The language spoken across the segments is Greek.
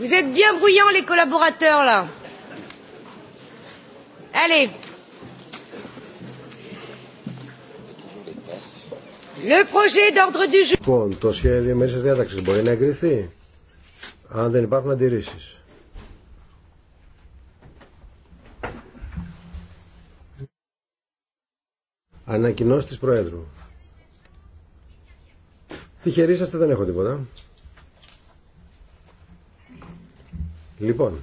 Vous êtes bien bruyants, les collaborateurs, là. Allez. Le projet d'ordre du jour. Λοιπόν, το σχέδιο μέσα διάταξη μπορεί να εγκριθεί αν δεν υπάρχουν αντιρρήσει. Ανακοινώσει τη Προέδρου. σα δεν έχω τίποτα. Λοιπόν,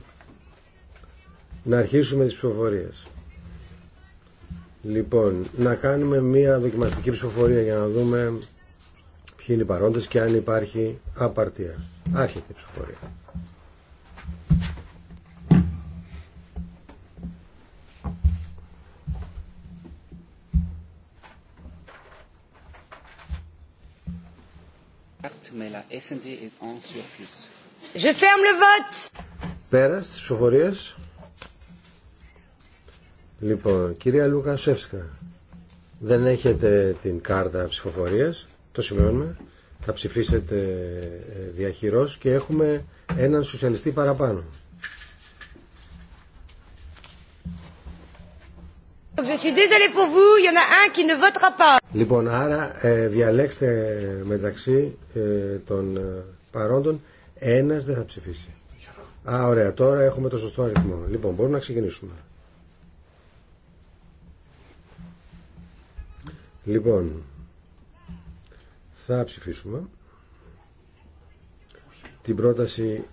να αρχίσουμε τις ψηφοφορίες. Λοιπόν, να κάνουμε μία δοκιμαστική ψηφοφορία για να δούμε ποιοι είναι οι παρόντες και αν υπάρχει απαρτία. Άρχεται η ψηφοφορία. Je ferme le vote. Πέρα στις ψηφοφορίες. Λοιπόν, κυρία Σεύσκα δεν έχετε την κάρτα ψηφοφορίας, το σημειώνουμε. Θα ψηφίσετε ε, διαχειρός και έχουμε έναν σοσιαλιστή παραπάνω. Λοιπόν, άρα ε, διαλέξτε μεταξύ ε, των παρόντων ένας δεν θα ψηφίσει. Α, ωραία, τώρα έχουμε το σωστό αριθμό. Λοιπόν, μπορούμε να ξεκινήσουμε. Λοιπόν, θα ψηφίσουμε την πρόταση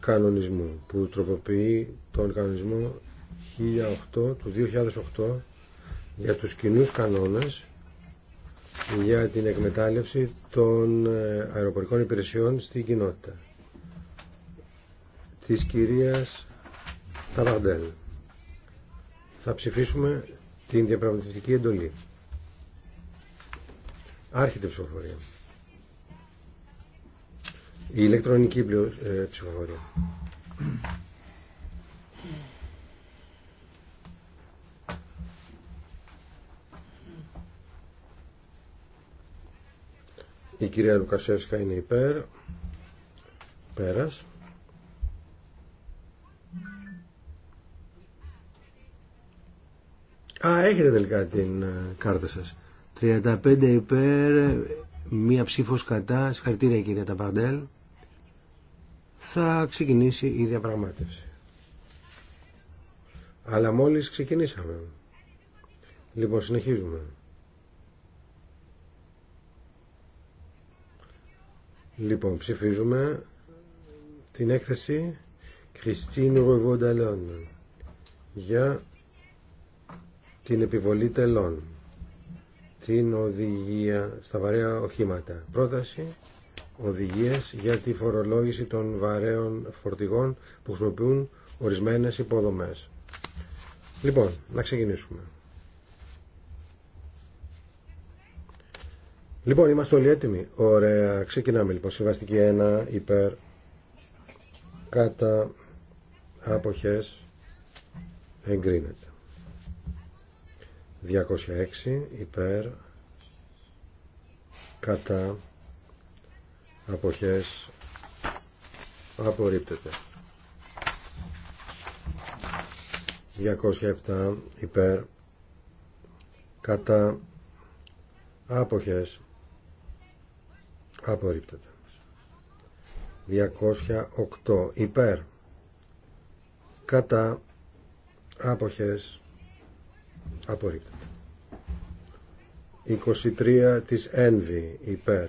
κανονισμού που τροποποιεί τον κανονισμό 1008 του 2008 για τους κοινούς κανόνες για την εκμετάλλευση των ε, αεροπορικών υπηρεσιών στην κοινότητα της κυρίας Ταβαρντέλ. Θα ψηφίσουμε την διαπραγματευτική εντολή. Άρχεται ψηφοφορία. Η ηλεκτρονική ε, ψηφοφορία. Η κυρία Λουκασέφσκα είναι υπέρ. Πέρας. Α, έχετε τελικά την ε, κάρτα σας. 35 υπέρ, μία ψήφος κατά. Συγχαρητήρια κυρία Ταπαντέλ. Θα ξεκινήσει η διαπραγμάτευση. Αλλά μόλις ξεκινήσαμε. Λοιπόν, συνεχίζουμε. Λοιπόν, ψηφίζουμε την έκθεση Κριστίνου dallon για την επιβολή τελών, την οδηγία στα βαρέα οχήματα. Πρόταση οδηγίες για τη φορολόγηση των βαρέων φορτηγών που χρησιμοποιούν ορισμένες υποδομές. Λοιπόν, να ξεκινήσουμε. Λοιπόν, είμαστε όλοι έτοιμοι. Ωραία, ξεκινάμε λοιπόν. Συμβαστική 1, υπέρ, κατά, άποχες, εγκρίνεται. 206 υπέρ κατά αποχές απορρίπτεται 207 υπέρ κατά άποχες απορρίπτεται 208 υπέρ κατά άποχες Απορρίπτεται. 23 της ένβη υπέρ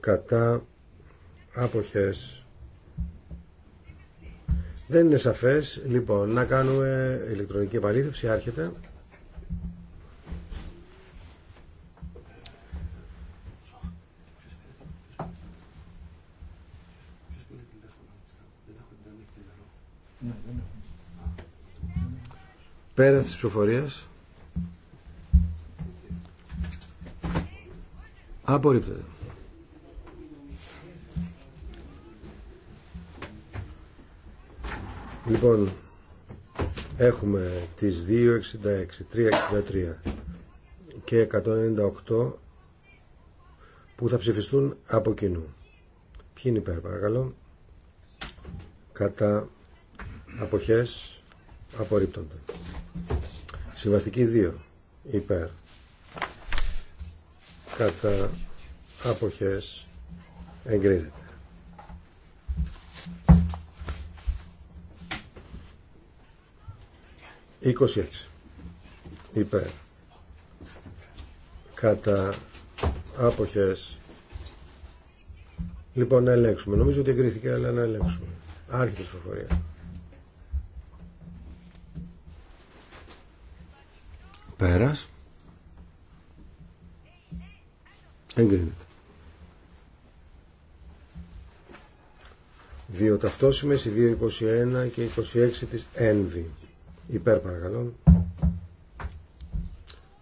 κατά αποχές δεν είναι σαφές λοιπόν να κάνουμε ηλεκτρονική επαλήθευση άρχεται πέρα της ψηφοφορίας απορρίπτεται. Λοιπόν, έχουμε τις 2.66, 3.63 και 198 που θα ψηφιστούν από κοινού. Ποιοι είναι υπέρ, παρακαλώ. Κατά αποχές απορρίπτονται. Συμβαστική 2 υπέρ κατά άποχες εγκρίνεται. Είκοσι έξι. Υπέρ. Κατά άποχες. Λοιπόν, να ελέγξουμε. Νομίζω ότι εγκρίθηκε, αλλά να ελέγξουμε. Άρχιτε προφορία. Πέρας. Εγκρίνεται. Δύο ταυτόσημες, οι 2.21 και 26 της ένβη. Υπέρ παρακαλώ.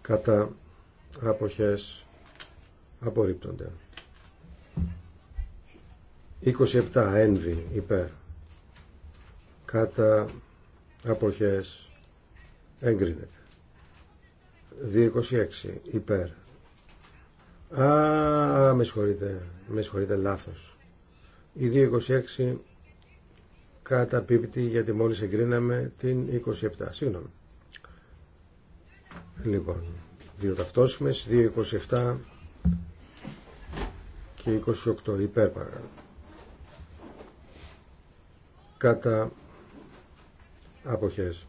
Κατά αποχές απορρίπτονται. 27 ένβη υπέρ. Κατά αποχές εγκρίνεται. 226 υπέρ. Α, με συγχωρείτε, με συγχωρείτε, λάθος. Η 226 καταπίπτει γιατί μόλις εγκρίναμε την 27. Συγγνώμη. Λοιπόν, δύο ταυτόσιμες, 227 και 28 υπέρ παρακαλώ. Κατά αποχές.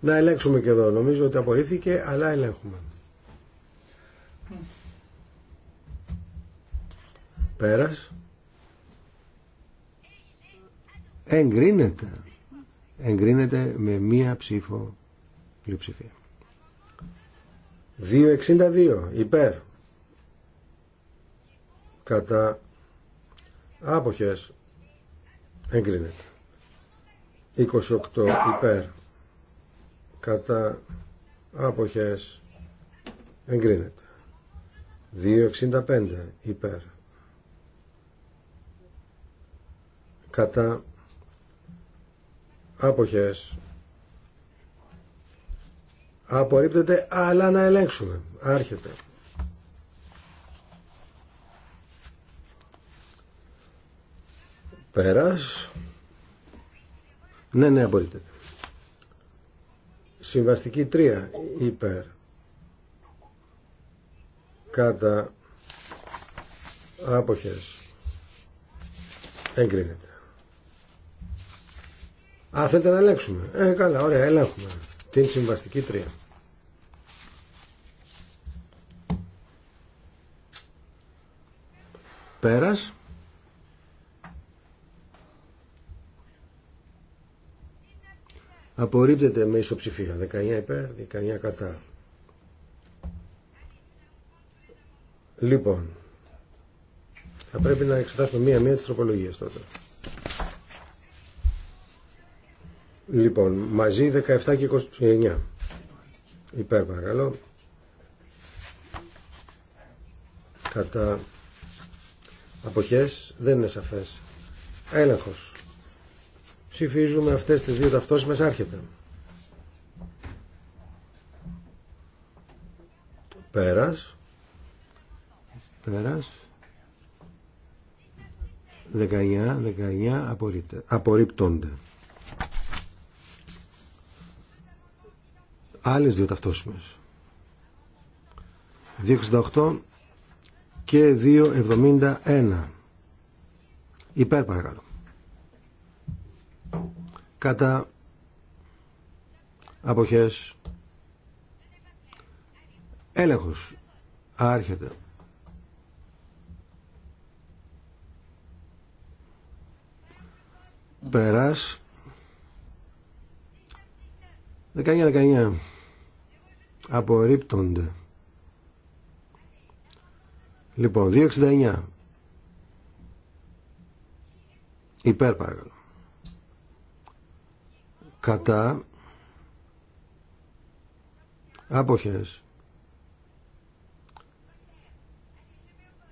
Να ελέγξουμε και εδώ. Νομίζω ότι απορρίφθηκε, αλλά ελέγχουμε. Mm. Εγκρίνεται. Εγκρίνεται με μία ψήφο πλειοψηφία. 2.62 υπέρ κατά άποχες εγκρίνεται 28 υπέρ κατά αποχές εγκρίνεται 2.65 υπέρ κατά αποχές απορρίπτεται αλλά να ελέγξουμε άρχεται πέρας ναι ναι απορρίπτεται Συμβαστική 3 υπέρ κατά άποχες εγκρίνεται. Α, θέλετε να ελέγξουμε. Ε, καλά, ωραία, ελέγχουμε. Την συμβαστική 3. Πέρας. Απορρίπτεται με ισοψηφία. 19 υπέρ, 19 κατά. Λοιπόν, θα πρέπει να εξετάσουμε μία-μία τις τροπολογίες τότε. Λοιπόν, μαζί 17 και 29. Υπέρ παρακαλώ. Κατά αποχές δεν είναι σαφές. Έλεγχος. Ψηφίζουμε αυτές τις δύο ταυτόσημες άρχεται. Πέρας. Πέρας. 19, 19 απορρίπτονται. Άλλες δύο ταυτόσημες. 268 και 271. Υπέρ παρακαλώ κατά αποχές έλεγχος άρχεται περάς 19-19 απορρίπτονται λοιπόν 269 υπέρ παρακαλώ κατά άποχες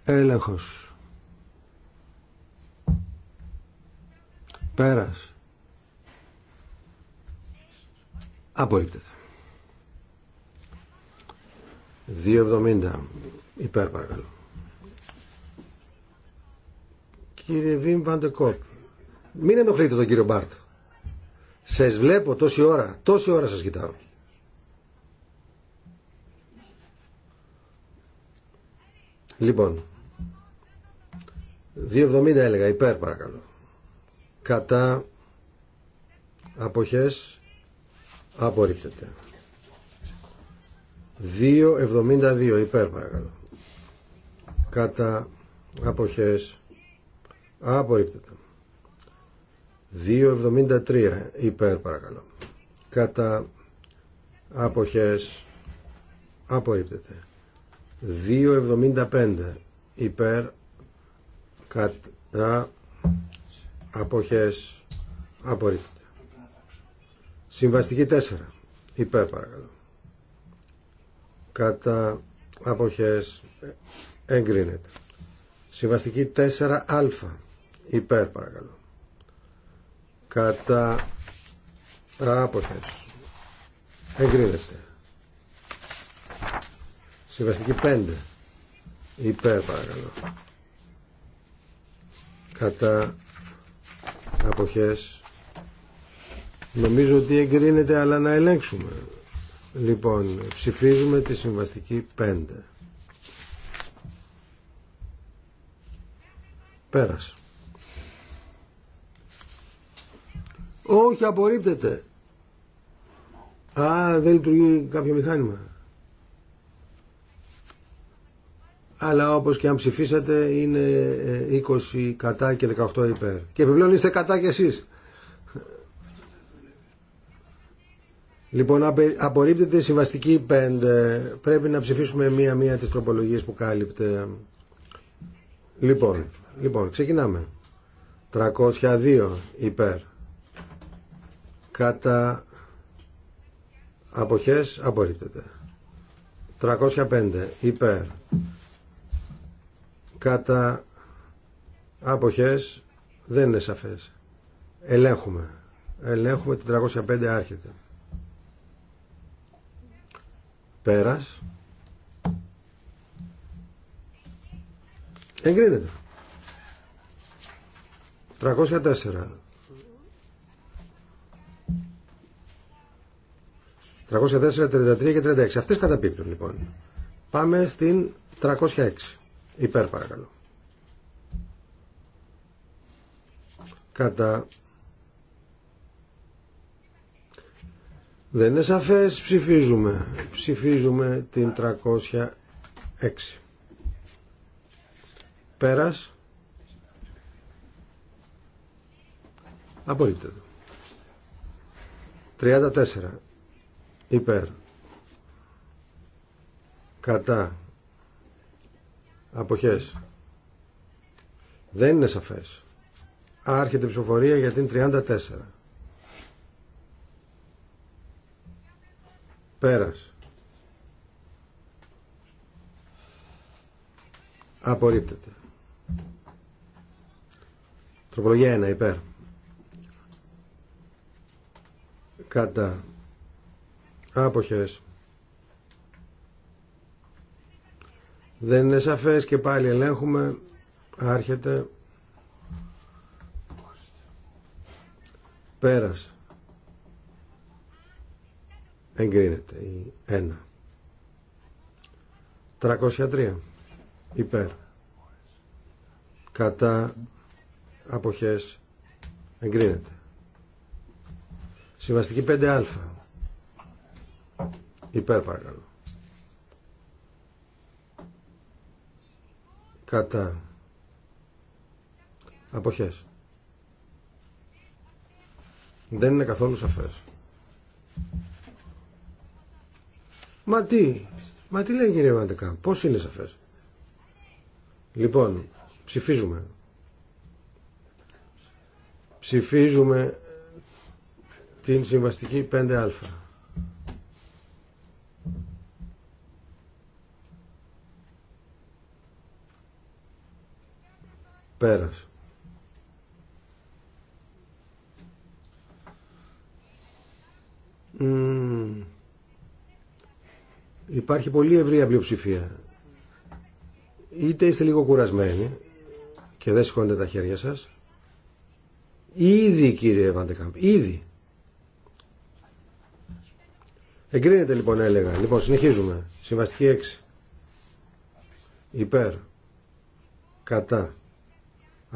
έλεγχος πέρας απορρίπτεται 2.70 υπέρ παρακαλώ κύριε Βιμ Βαντεκόπ μην ενοχλείτε τον κύριο Μπάρτ σας βλέπω τόση ώρα, τόση ώρα σας κοιτάω. Λοιπόν, 2,70 έλεγα υπέρ παρακαλώ. Κατά αποχές απορρίφθεται. 2,72 υπέρ παρακαλώ. Κατά αποχές απορρίφθεται. 2,73 υπέρ παρακαλώ. Κατά αποχές απορρίπτεται. 2,75 υπέρ κατά αποχές απορρίπτεται. Συμβαστική 4 υπέρ παρακαλώ. Κατά αποχές εγκρίνεται. Συμβαστική 4α υπέρ παρακαλώ κατά άποχες εγκρίνεστε συμβαστική 5 υπέρ παρακαλώ κατά αποχές νομίζω ότι εγκρίνεται αλλά να ελέγξουμε λοιπόν ψηφίζουμε τη συμβαστική 5 πέρασε Όχι, απορρίπτεται. Α, δεν λειτουργεί κάποιο μηχάνημα. Αλλά όπως και αν ψηφίσατε είναι 20 ε, κατά και 18 υπέρ. Και επιπλέον είστε κατά κι εσείς. Λοιπόν, απορρίπτεται η συμβαστική 5. Πρέπει να ψηφίσουμε μία-μία τις τροπολογίες που κάλυπτε. Λοιπόν, λοιπόν ξεκινάμε. 302 υπέρ κατά αποχές απορρίπτεται 305 υπέρ κατά αποχές δεν είναι σαφές ελέγχουμε ελέγχουμε την 305 άρχεται πέρας εγκρίνεται 304 304, 33 και 36. Αυτές καταπίπτουν λοιπόν. Πάμε στην 306. Υπέρ παρακαλώ. Κατά. Δεν είναι σαφές. Ψηφίζουμε. Ψηφίζουμε την 306. Πέρας. Απολύπτεται. 34 υπέρ κατά αποχές δεν είναι σαφές άρχεται η ψηφοφορία για την 34 πέρας απορρίπτεται τροπολογία 1 υπέρ κατά Άποχες. Δεν είναι σαφές και πάλι ελέγχουμε. Άρχεται. Πέρας. Εγκρίνεται η 1. 303. Υπέρ. Κατά αποχές εγκρίνεται. Συμβαστική 5α. Υπέρ παρακαλώ. Κατά. Αποχές. Δεν είναι καθόλου σαφές. Μα τι, μα τι λέει κύριε Βαντεκά, πώς είναι σαφές. Λοιπόν, ψηφίζουμε. Ψηφίζουμε την συμβαστική 5α. Πέρας. Υπάρχει πολύ ευρία πλειοψηφία. Είτε είστε λίγο κουρασμένοι και δεν σηκώνετε τα χέρια σας. Ήδη κύριε Βαντεκάμπ, ήδη. Εγκρίνεται λοιπόν έλεγα. Λοιπόν συνεχίζουμε. Συμβαστική 6. Υπέρ. Κατά.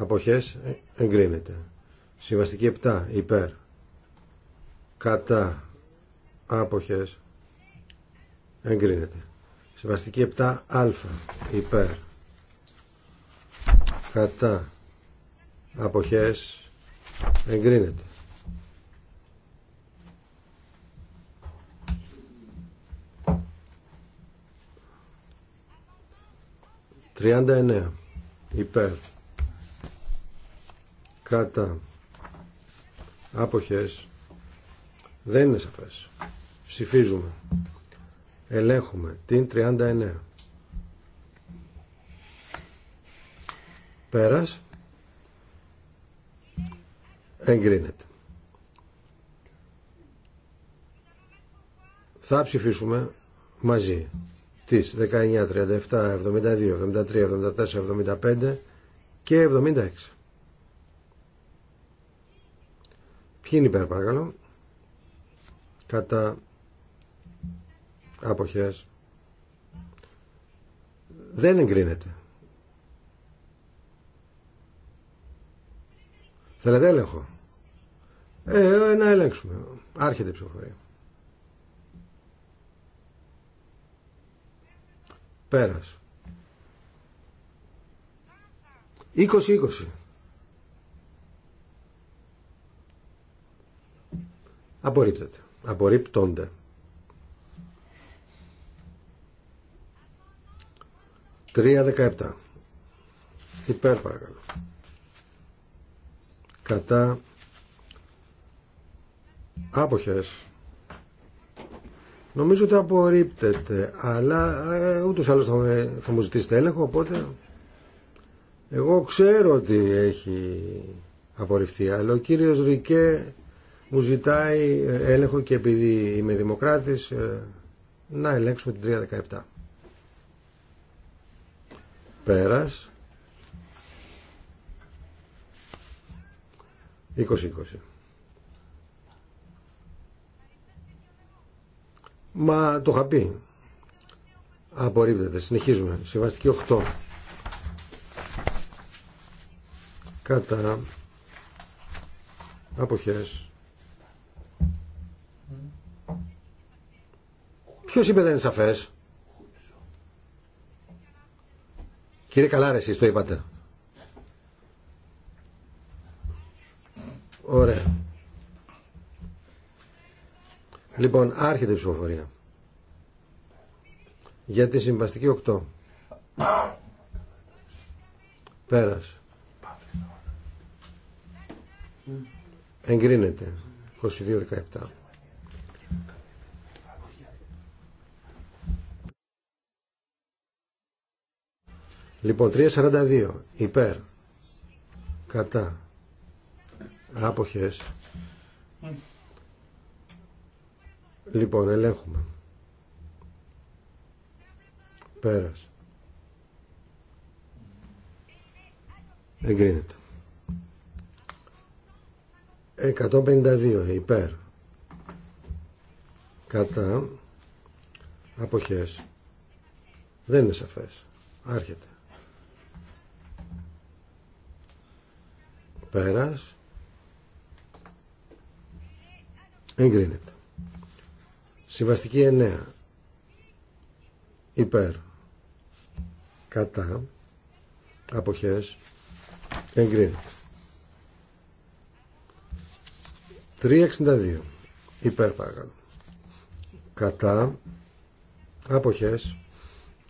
Αποχές εγκρίνεται. Συμβαστική 7 υπέρ. Κατά. Αποχές εγκρίνεται. Συμβαστική 7α υπέρ. Κατά. Αποχές εγκρίνεται. Τριάντα εννέα. Υπέρ κατά αποχές δεν είναι σαφές. Ψηφίζουμε. Ελέγχουμε την 39. Πέρας. Εγκρίνεται. Θα ψηφίσουμε μαζί τις 19, 37, 72, 73, 74, 75 και 76. Ποιοι είναι υπέρ παρακαλώ. Κατά αποχές δεν εγκρίνεται. Θέλετε έλεγχο. Ε, να ελέγξουμε. Άρχεται η ψηφοφορία. Πέρας. 20-20. Απορρίπτεται. Απορρίπτονται. 3.17. Υπέρ παρακαλώ. Κατά άποχες. Νομίζω ότι απορρίπτεται, αλλά ε, ούτως άλλως θα, θα μου ζητήσετε έλεγχο, οπότε εγώ ξέρω ότι έχει απορριφθεί, αλλά ο κύριος Ρικέ μου ζητάει ε, έλεγχο και επειδή είμαι δημοκράτης ε, να ελέγξουμε την 317. Πέρας. 20-20. Μα το είχα πει. Απορρίπτεται. Συνεχίζουμε. Συμβαστική 8. Κατά αποχές Ποιος είπε δεν είναι σαφές. Κύριε Καλάρε, εσείς το είπατε. Ωραία. Λοιπόν, άρχεται η ψηφοφορία. Για τη συμβαστική 8. Πέρασε. εγκρινεται Εγκρίνεται. 22-17. Λοιπόν, 3.42 υπέρ κατά άποχες Λοιπόν, ελέγχουμε Πέρας Εγκρίνεται 152 υπέρ κατά αποχές δεν είναι σαφές άρχεται πέρας εγκρίνεται συμβαστική 9 υπέρ κατά αποχές εγκρίνεται 362 υπέρ παρακαλώ κατά αποχές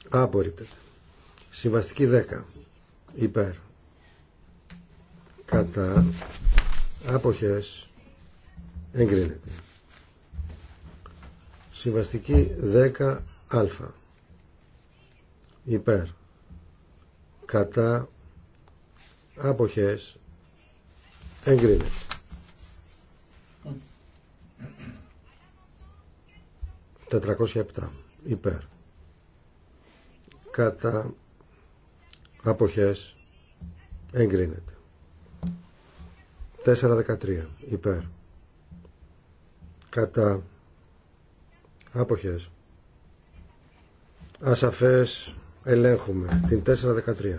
απορρίπτεται συμβαστική 10 υπέρ κατά άποχες εγκρίνεται. Συμβαστική 10α υπέρ κατά άποχες εγκρίνεται. Τετρακόσια υπέρ κατά αποχές εγκρίνεται. 4.13 υπέρ κατά άποχες ασαφές ελέγχουμε την 4.13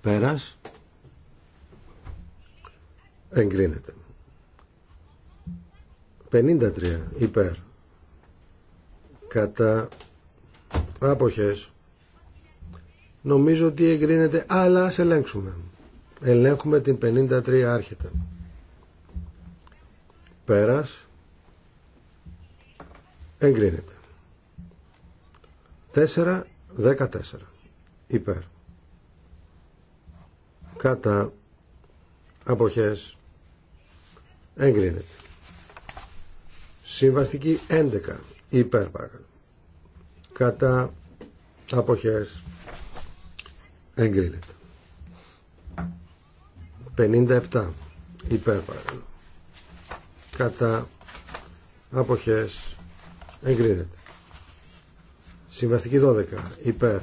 πέρας εγκρίνεται 53 υπέρ κατά άποχες Νομίζω ότι εγκρίνεται, αλλά ας ελέγξουμε. Ελέγχουμε την 53 άρχεται. Πέρας. Εγκρίνεται. 4, 14. Υπέρ. Κατά αποχές εγκρίνεται. Συμβαστική 11. Υπέρ παρακαλώ. Κατά αποχές Εγκρίνεται. 57 υπέρ παρακαλώ. Κατά αποχές εγκρίνεται. Συμβαστική 12 υπέρ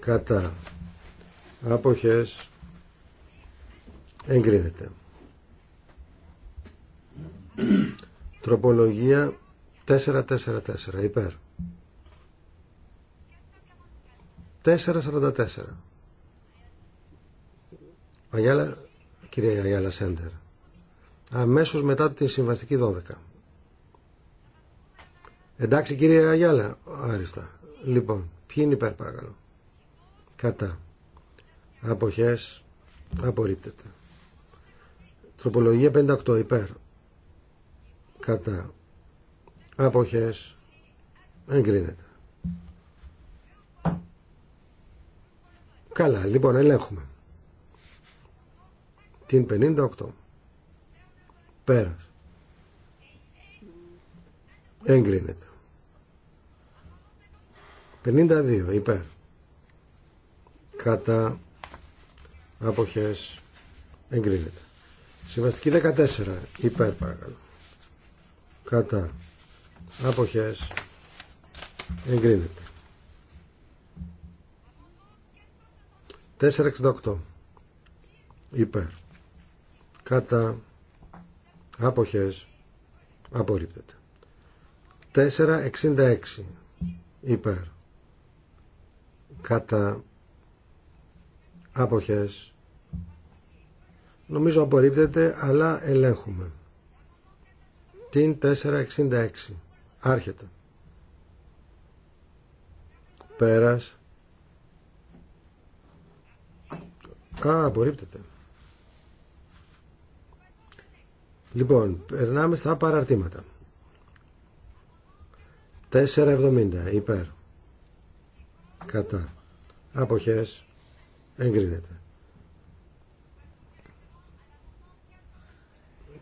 κατά αποχές εγκρίνεται. Τροπολογία 444 υπέρ. 444. Αγιάλα, κυρία Αγιάλα Σέντερ. Αμέσως μετά τη συμβαστική 12. Εντάξει κυρία Αγιάλα, άριστα. Λοιπόν, ποιοι είναι υπέρ παρακαλώ. Κατά. Αποχές απορρίπτεται. Τροπολογία 58 υπέρ. Κατά. Αποχές εγκρίνεται. Καλά, λοιπόν, ελέγχουμε. Την 58. Πέρας. Εγκρίνεται. 52. Υπέρ. Κατά αποχές εγκρίνεται. Συμβαστική 14. Υπέρ παρακαλώ. Κατά αποχές εγκρίνεται. 468 υπέρ κατά αποχές απορρίπτεται 466 υπέρ κατά αποχές νομίζω απορρίπτεται αλλά ελέγχουμε την 466 άρχεται πέρας Α, απορρίπτεται. Λοιπόν, περνάμε στα παραρτήματα. 4,70 υπέρ. Κατά. Αποχές. Εγκρίνεται.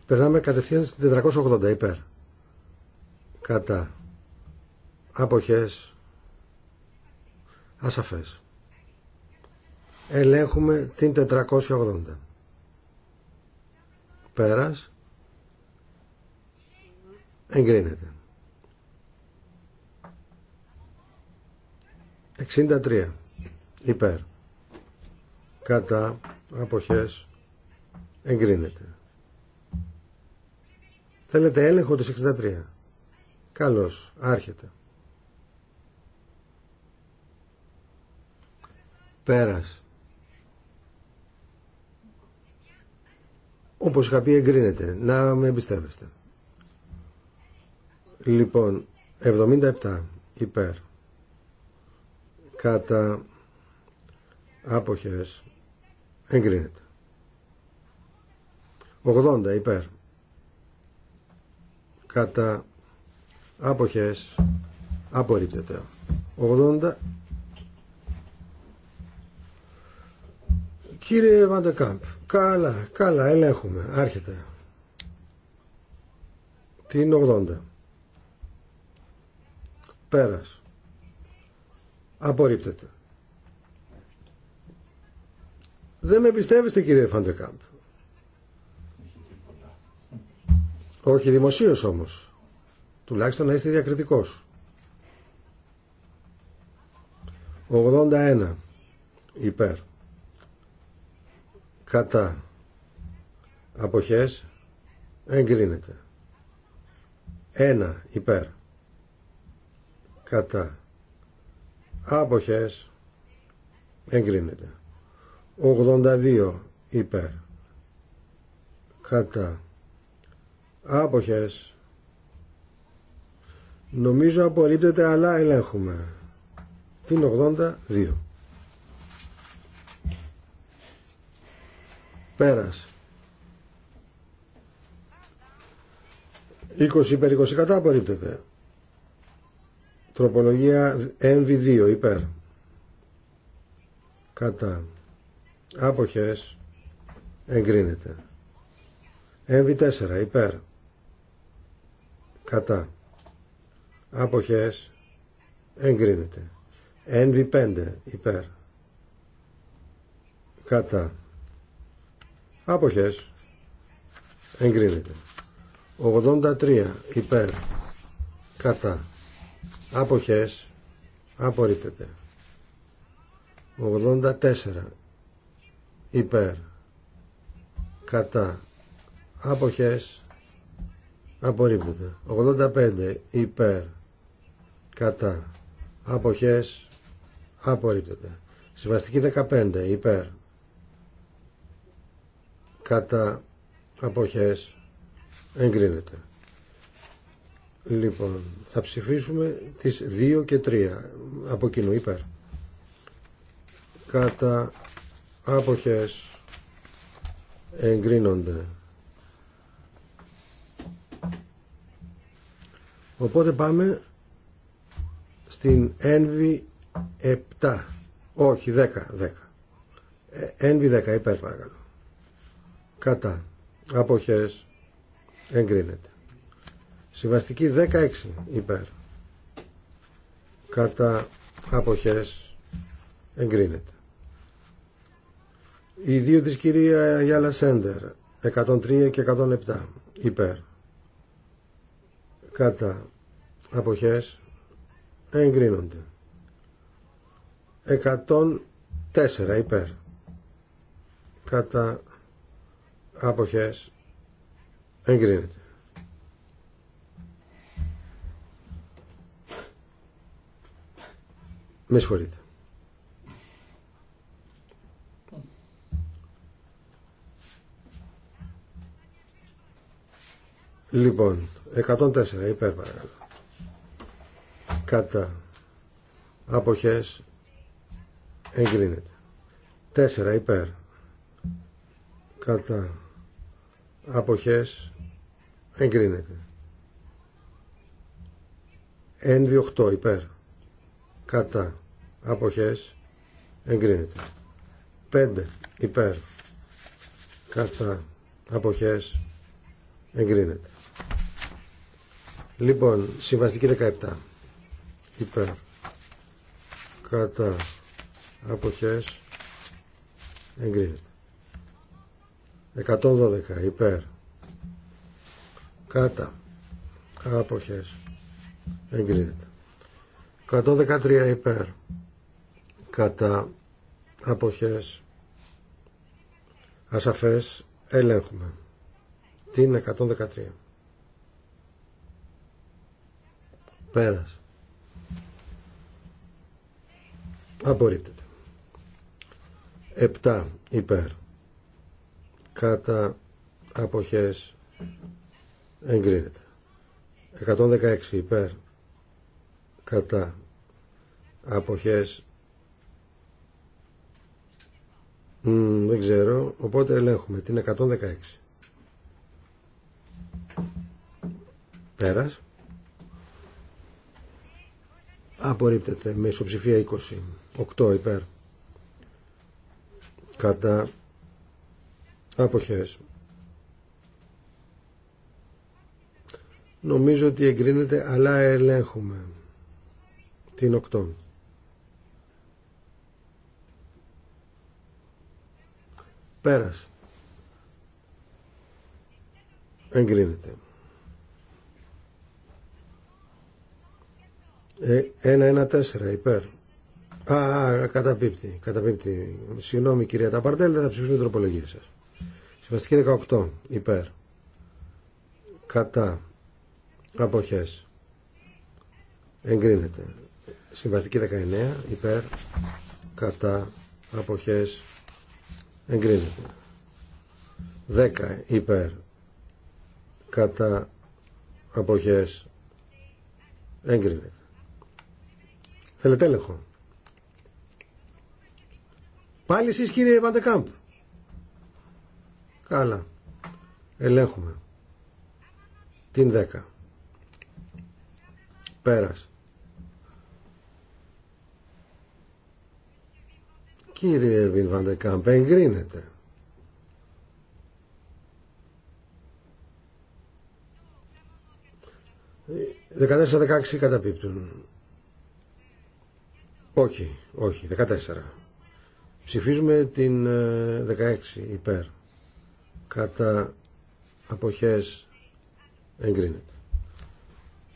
Περνάμε κατευθείαν στην 480 υπέρ. Κατά. Αποχές. Ασαφές. Ελέγχουμε την 480. Πέρας. Εγκρίνεται. 63. Υπέρ. Κατά αποχές εγκρίνεται. Θέλετε έλεγχο της 63. Καλώς. Άρχεται. Πέρας. όπως είχα πει εγκρίνεται. Να με εμπιστεύεστε. Λοιπόν, 77 υπέρ κατά άποχες εγκρίνεται. 80 υπέρ κατά άποχες απορρίπτεται. Κύριε Βαντεκάμπ, καλά, καλά, ελέγχουμε, άρχεται. Την 80. Πέρας. Απορρίπτεται. Δεν με πιστεύεστε κύριε Βαντεκάμπ. Όχι δημοσίως όμως. Τουλάχιστον να είστε διακριτικός. 81. Υπέρ κατά αποχές εγκρίνεται 1 υπέρ κατά αποχές εγκρίνεται 82 υπέρ κατά άποχες νομίζω απορρίπτεται αλλά ελέγχουμε την 82 Πέρας. 20 υπέρ 20 κατά απορρίπτεται. Τροπολογία MV2 υπέρ. Κατά. Άποχες. Εγκρίνεται. MV4 υπέρ. Κατά. Άποχες. Εγκρίνεται. NV5 υπέρ. Κατά. Αποχές. Εγκρίνεται. 83 υπέρ. Κατά. Αποχές. Απορρίπτεται. 84 υπέρ. Κατά. Αποχές. Απορρίπτεται. 85 υπέρ. Κατά. Αποχές. Απορρίπτεται. Συμβαστική 15 υπέρ κατά αποχές εγκρίνεται. Λοιπόν, θα ψηφίσουμε τις 2 και 3 από κοινού υπέρ. Κατά άποχες εγκρίνονται. Οπότε πάμε στην ένβη 7, όχι 10, 10. Ένβη 10 υπέρ παρακαλώ κατά αποχές εγκρίνεται συμβαστική 16 υπέρ κατά αποχές εγκρίνεται οι δύο της κυρία Γιάλα Σέντερ 103 και 107 υπέρ κατά αποχές εγκρίνονται 104 υπέρ κατά Αποχές. Εγκρίνεται. Με συγχωρείτε. Λοιπόν, 104 υπέρ παρακαλώ. Κατά αποχές εγκρίνεται. 4 υπέρ. Κατά αποχές εγκρίνεται. Ένβι 8 υπέρ κατά αποχές εγκρίνεται. 5 υπέρ κατά αποχές εγκρίνεται. Λοιπόν, συμβαστική 17 υπέρ κατά αποχές εγκρίνεται. 112 υπέρ κατά αποχές εγκρίνεται 113 υπέρ κατά αποχές ασαφές ελέγχουμε την 113 πέρας απορρίπτεται 7 υπέρ κατά αποχές εγκρίνεται 116 υπέρ κατά αποχές δεν ξέρω οπότε ελέγχουμε την 116 πέρας απορρίπτεται με ισοψηφία 20 8 υπέρ κατά Αποχές. Νομίζω ότι εγκρίνεται, αλλά ελέγχουμε την οκτω Πέρας. Εγκρίνεται. Ε, ένα, 1-1-4 υπέρ. Α, καταπίπτει. Καταπίπτει. Συγγνώμη κυρία Ταπαρτέλ, δεν θα ψηφίσουμε την τροπολογία σας. Συμβαστική 18 υπέρ. Κατά. Αποχές. Εγκρίνεται. Συμβαστική 19 υπέρ. Κατά. Αποχές. Εγκρίνεται. 10 υπέρ. Κατά. Αποχές. Εγκρίνεται. Θέλετε έλεγχο. Πάλι εσείς κύριε Βαντεκάμπ. Καλά. Ελέγχουμε. Την 10. Πέρας. Κύριε Βιν Βαντεκάμπ, εγκρίνεται. Δεκατέσσερα 14-16 14. Ψηφίζουμε την 16 ε, υπέρ κατά αποχές εγκρίνεται.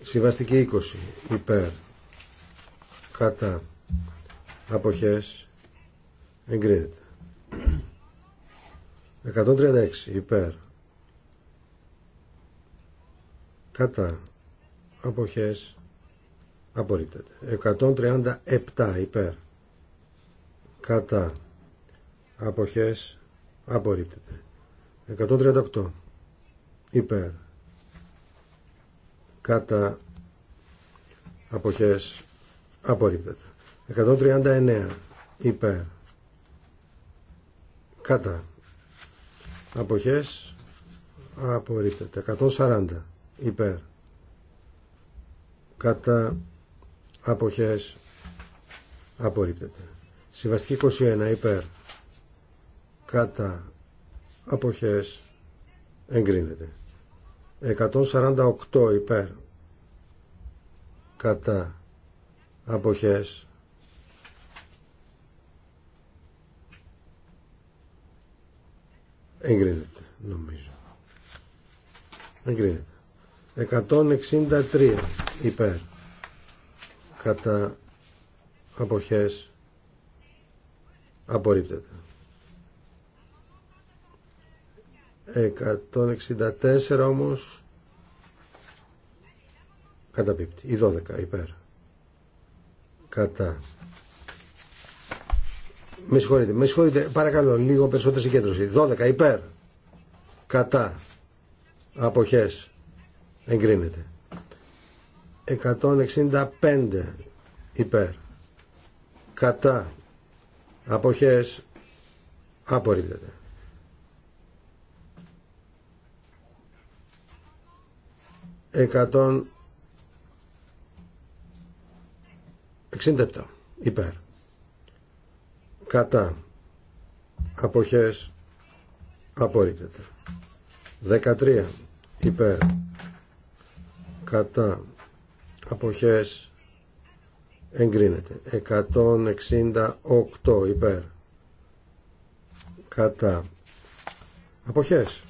Συμβαστική 20 υπέρ κατά αποχές εγκρίνεται. 136 υπέρ κατά αποχές απορρίπτεται. 137 υπέρ κατά αποχές απορρίπτεται. 138 υπέρ κατά αποχές απορρίπτεται 139 υπέρ κατά αποχές απορρίπτεται 140 υπέρ κατά αποχές απορρίπτεται συμβαστική 21 υπέρ κατά αποχές εγκρίνεται 148 υπέρ κατά αποχές εγκρίνεται νομίζω εγκρίνεται 163 υπέρ κατά αποχές απορρίπτεται 164 όμως καταπίπτει. Η 12 υπέρ. Κατά. Με συγχωρείτε, με συγχωρείτε, παρακαλώ, λίγο περισσότερη συγκέντρωση. 12 υπέρ. Κατά. Αποχές. Εγκρίνεται. 165 υπέρ. Κατά. Αποχές. Απορρίπτεται. 167 υπέρ κατά αποχές απορρίπτεται 13 υπέρ κατά αποχές εγκρίνεται 168 υπέρ κατά αποχές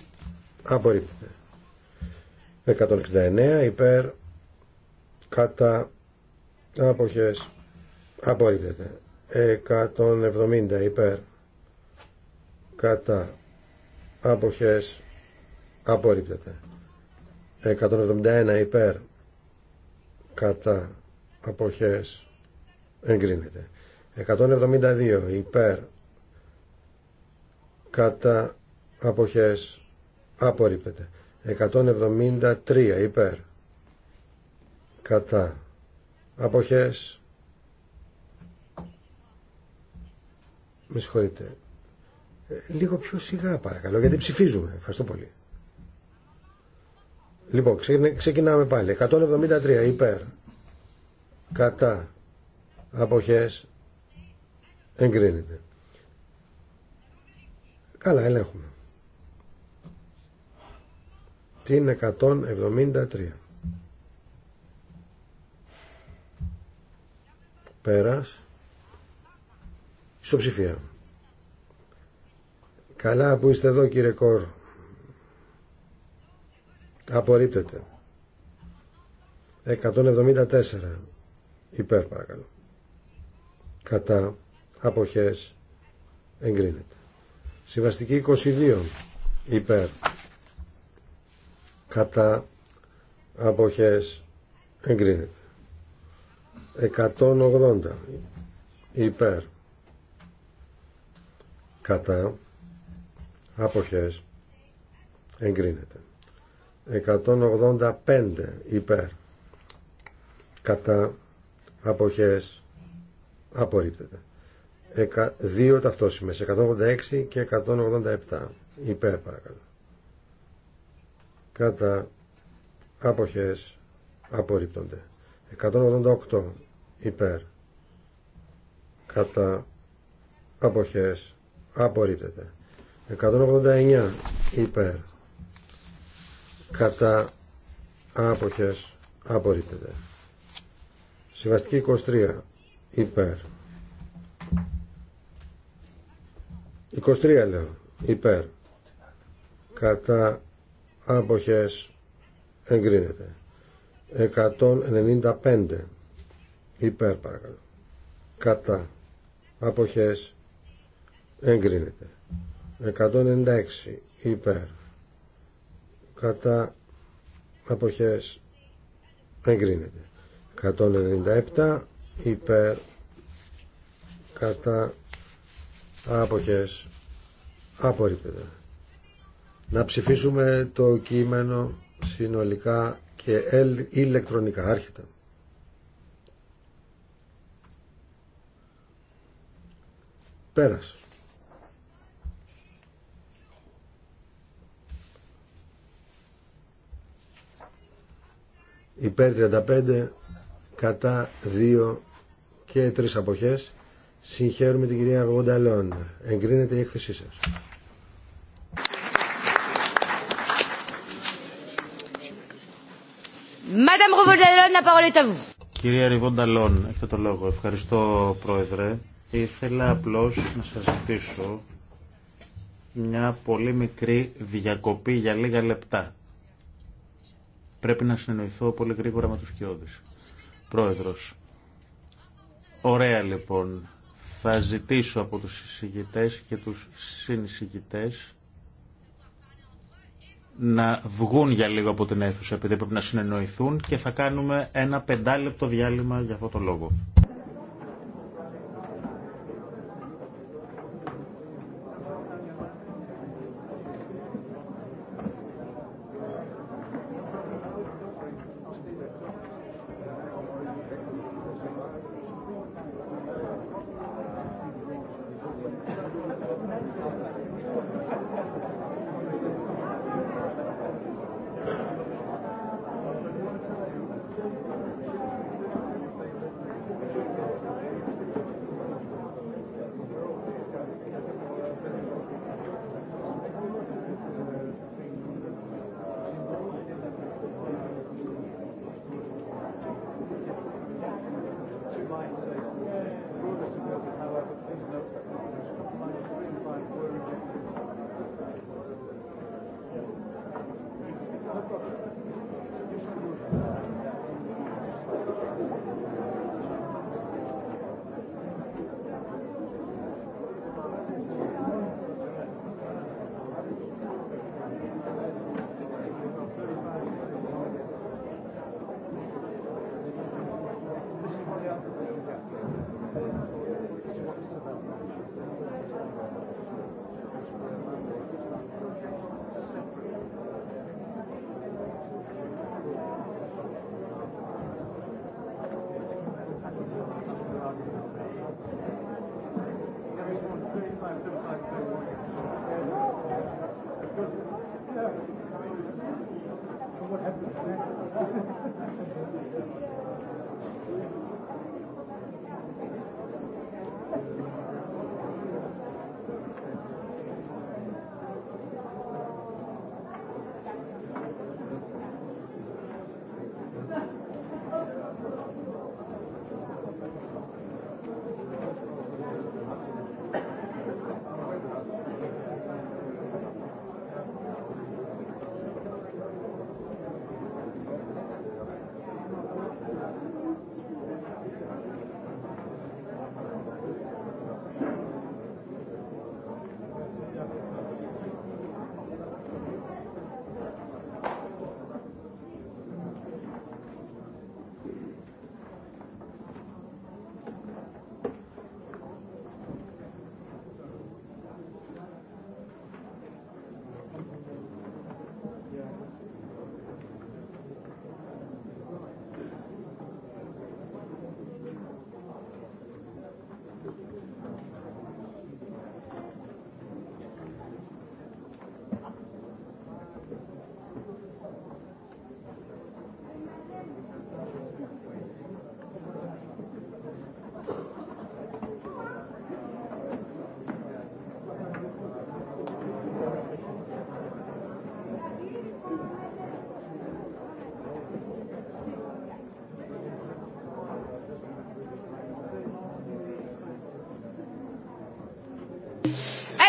απορρίπτεται 169 υπέρ κατά αποχές απορρίπτεται 170 υπέρ κατά αποχές απορρίπτεται 171 υπέρ κατά αποχές εγκρίνεται 172 υπέρ κατά αποχές απορρίπτεται 173 υπέρ κατά αποχές με συγχωρείτε ε, λίγο πιο σιγά παρακαλώ γιατί ψηφίζουμε ευχαριστώ πολύ λοιπόν ξεκινάμε πάλι 173 υπέρ κατά αποχές εγκρίνεται καλά ελέγχουμε την 173. Πέρας. Ισοψηφία. Καλά που είστε εδώ κύριε Κορ. Απορρίπτεται. 174. Υπέρ παρακαλώ. Κατά. Αποχές. Εγκρίνεται. Συμβαστική 22. Υπέρ κατά αποχές εγκρίνεται 180 υπέρ κατά αποχές εγκρίνεται 185 υπέρ κατά αποχές απορρίπτεται 2 ταυτόσημες 186 και 187 υπέρ παρακαλώ κατά αποχές απορρίπτονται 188 υπέρ κατά αποχές απορρίπτεται 189 υπέρ κατά άποχες απορρίπτεται συμβαστική 23 υπέρ 23 λέω υπέρ κατά αποχές εγκρίνεται 195 υπέρ παρακαλώ κατά αποχές εγκρίνεται 196 υπέρ κατά αποχές εγκρίνεται 197 υπέρ κατά άποχες απορρίπτεται να ψηφίσουμε το κείμενο συνολικά και ηλεκτρονικά. Άρχεται. Πέρασε. Υπέρ 35, κατά 2 και 3 αποχές. Συγχαίρουμε την κυρία Γονταλόν. Εγκρίνεται η έκθεσή σας. Κυρία Ριβονταλόν, έχετε το λόγο. Ευχαριστώ, Πρόεδρε. Ήθελα απλώς να σας ζητήσω μια πολύ μικρή διακοπή για λίγα λεπτά. Πρέπει να συνεννοηθώ πολύ γρήγορα με τους κοιόδης. Πρόεδρος. Ωραία λοιπόν. Θα ζητήσω από τους εισηγητές και τους συνεισηγητές να βγουν για λίγο από την αίθουσα επειδή πρέπει να συνεννοηθούν και θα κάνουμε ένα πεντάλεπτο διάλειμμα για αυτό το λόγο.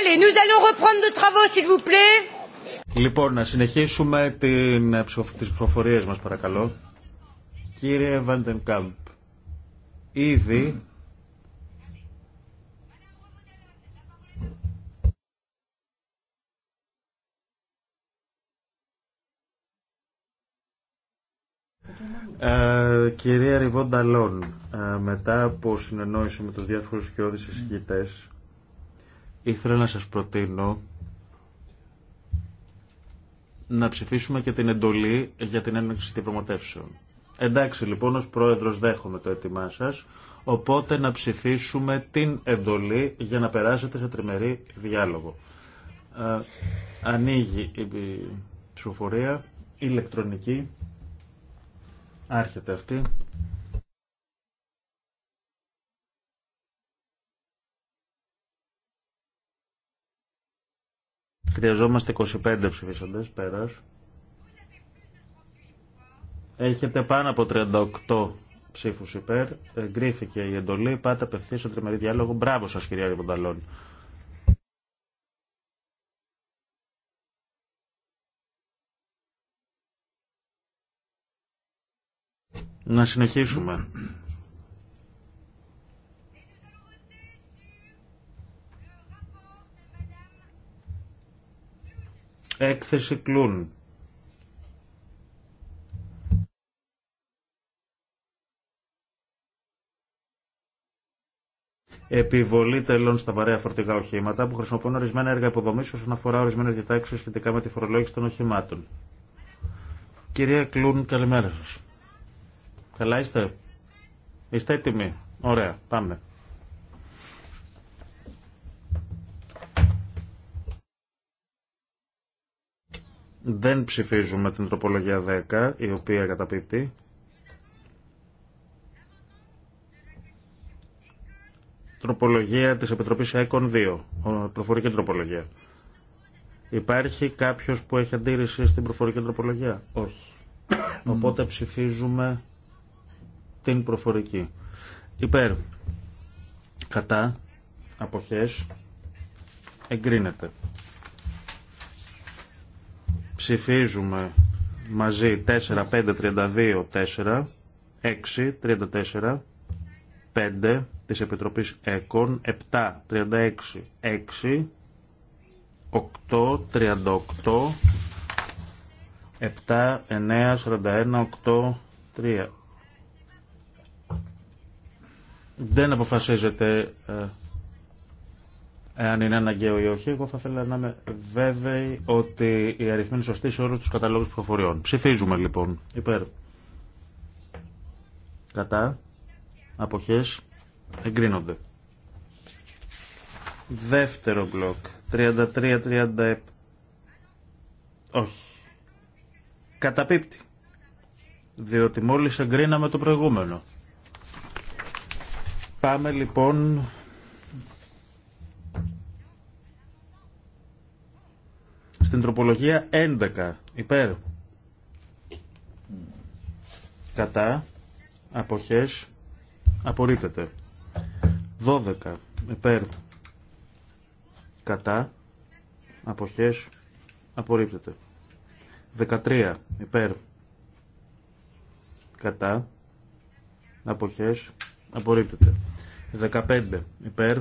Allez, nous allons reprendre nos travaux, s'il vous plaît. Λοιπόν, να συνεχίσουμε την, ε, ψηφοφορία μα, μας, παρακαλώ. Κύριε Βαντενκάμπ, ήδη... Ε, κυρία Ριβόντα Λόν, ε, μετά από συνεννόηση με τους διάφορους σκιώδεις εισηγητές, ήθελα να σας προτείνω να ψηφίσουμε και την εντολή για την έναρξη προμοτεύσεων. Εντάξει λοιπόν, ως πρόεδρος δέχομαι το έτοιμά σας, οπότε να ψηφίσουμε την εντολή για να περάσετε σε τριμερή διάλογο. Ε, ανοίγει η ψηφοφορία ηλεκτρονική, άρχεται αυτή. Χρειαζόμαστε 25 ψηφίσαντες, πέρας. Έχετε πάνω από 38 ψήφους υπέρ. Εγκρίθηκε η εντολή. Πάτε απευθεία στον τριμερή διάλογο. Μπράβο σας κυρία Ριβονταλόνη. Να συνεχίσουμε. Έκθεση κλούν. Επιβολή τελών στα βαρέα φορτηγά οχήματα που χρησιμοποιούν ορισμένα έργα υποδομή όσον αφορά ορισμένε διατάξει σχετικά με τη φορολόγηση των οχημάτων. Κυρία Κλούν, καλημέρα σα. Καλά είστε. Είστε έτοιμοι. Ωραία, πάμε. Δεν ψηφίζουμε την τροπολογία 10, η οποία καταπίπτει. Τροπολογία της Επιτροπής ΑΕΚΟΝ 2, προφορική τροπολογία. Υπάρχει κάποιος που έχει αντίρρηση στην προφορική τροπολογία. Όχι. Οπότε ψηφίζουμε την προφορική. Υπέρ. Κατά. Αποχές. Εγκρίνεται. Ψηφίζουμε μαζί 4, 5, 32, 4, 6, 34, 5 της Επιτροπής ΕΚΟΝ, 7, 36, 6, 8, 38, 7, 9, 41, 8, 3. Δεν αποφασίζεται ε, εάν είναι αναγκαίο ή όχι. Εγώ θα ήθελα να είμαι βέβαιη ότι η αριθμη είναι σωστη σε όλου του καταλόγου προφοριών. Ψηφίζουμε λοιπόν. Υπέρ. Κατά. Αποχέ. Εγκρίνονται. Δεύτερο μπλοκ. 33-37. Όχι. Καταπίπτει. Διότι μόλις εγκρίναμε το προηγούμενο. Πάμε λοιπόν στην τροπολογία 11. Υπέρ. Κατά. Αποχές. Απορρίπτεται. 12. Υπέρ. Κατά. Αποχές. Απορρίπτεται. 13. Υπέρ. Κατά. Αποχές. Απορρίπτεται. 15. Υπέρ.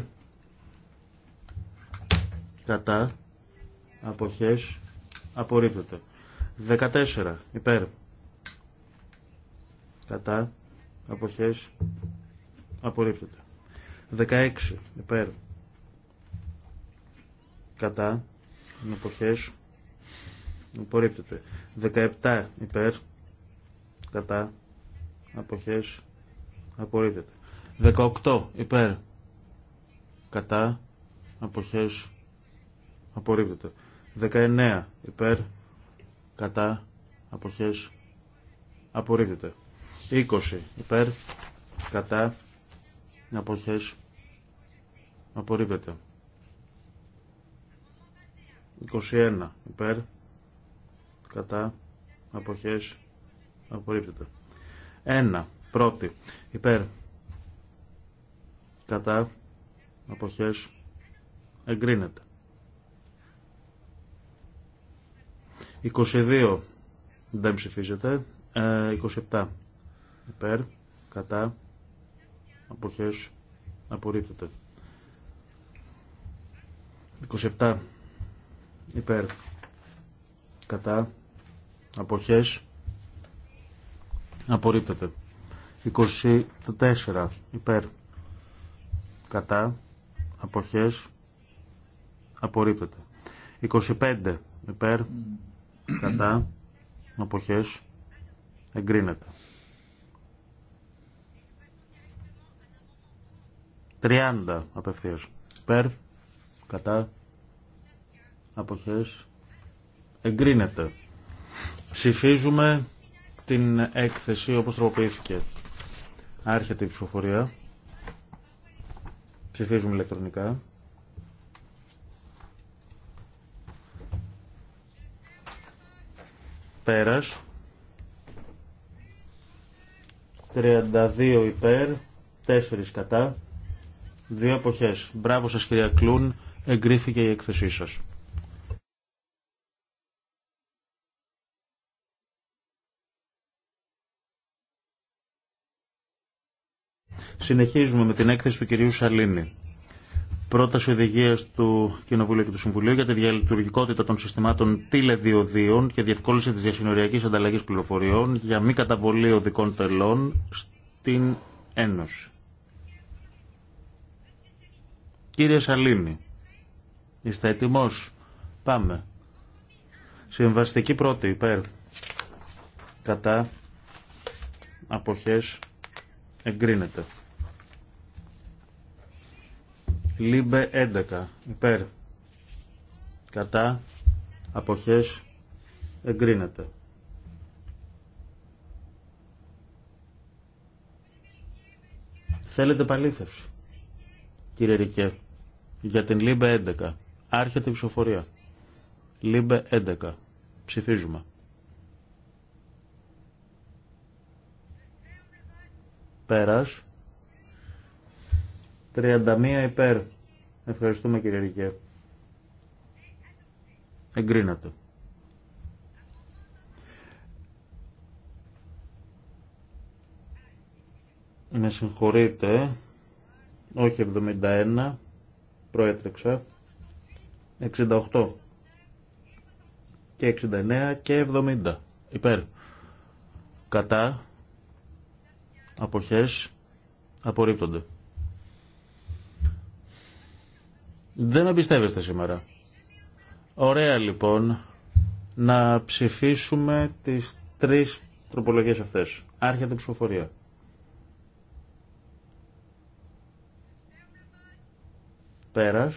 Κατά αποχές απορρίπτεται. 14 υπέρ κατά αποχές απορρίπτεται. 16 υπέρ κατά αποχές απορρίπτεται. 17 υπέρ κατά αποχές απορρίπτεται. 18 υπέρ κατά αποχές απορρίπτεται. 19 υπέρ κατά αποχές απορρίπτεται 20 υπέρ κατά αποχές απορρίπτεται 21 υπέρ κατά αποχές απορρίπτεται 1 πρώτη υπέρ κατά αποχές εγκρίνεται 22 δεν ψηφίζεται. 27 ε, υπέρ, κατά, αποχές, απορρίπτεται. 27 υπέρ, κατά, αποχές, απορρίπτεται. 24 υπέρ, κατά, αποχές, απορρίπτεται. 25 υπέρ, κατά αποχές εγκρίνεται. 30 απευθείας. Περ, κατά, αποχές, εγκρίνεται. Ψηφίζουμε την έκθεση όπως τροποποιήθηκε. Άρχεται η ψηφοφορία. Ψηφίζουμε ηλεκτρονικά. Πέρας. 32 υπέρ, 4 κατά, 2 εποχές. Μπράβο σας κυρία Κλούν, εγκρίθηκε η έκθεσή σας. Συνεχίζουμε με την έκθεση του κυρίου Σαλίνη πρόταση οδηγία του Κοινοβουλίου και του Συμβουλίου για τη διαλειτουργικότητα των συστημάτων τηλεδιοδίων και διευκόλυνση τη διασυνοριακή ανταλλαγή πληροφοριών για μη καταβολή οδικών τελών στην Ένωση. Κύριε Σαλίνη, είστε έτοιμο. Πάμε. Συμβαστική πρώτη, υπέρ. Κατά. Αποχές. Εγκρίνεται. Λίμπε 11. Υπέρ. Κατά. Αποχές. Εγκρίνεται. Θέλετε παλήθευση. Κύριε Ρικέ. Για την Λίμπε 11. Άρχεται η ψηφοφορία. Λίμπε 11. Ψηφίζουμε. Πέρας. 31 υπέρ. Ευχαριστούμε κύριε Ρικέ. Εγκρίνατε. Με συγχωρείτε. Όχι 71. Προέτρεξα. 68. Και 69 και 70. Υπέρ. Κατά. Αποχές. Απορρίπτονται. Δεν με σήμερα. Ωραία λοιπόν να ψηφίσουμε τις τρεις τροπολογίες αυτές. Άρχεται την ψηφοφορία. Πέρας.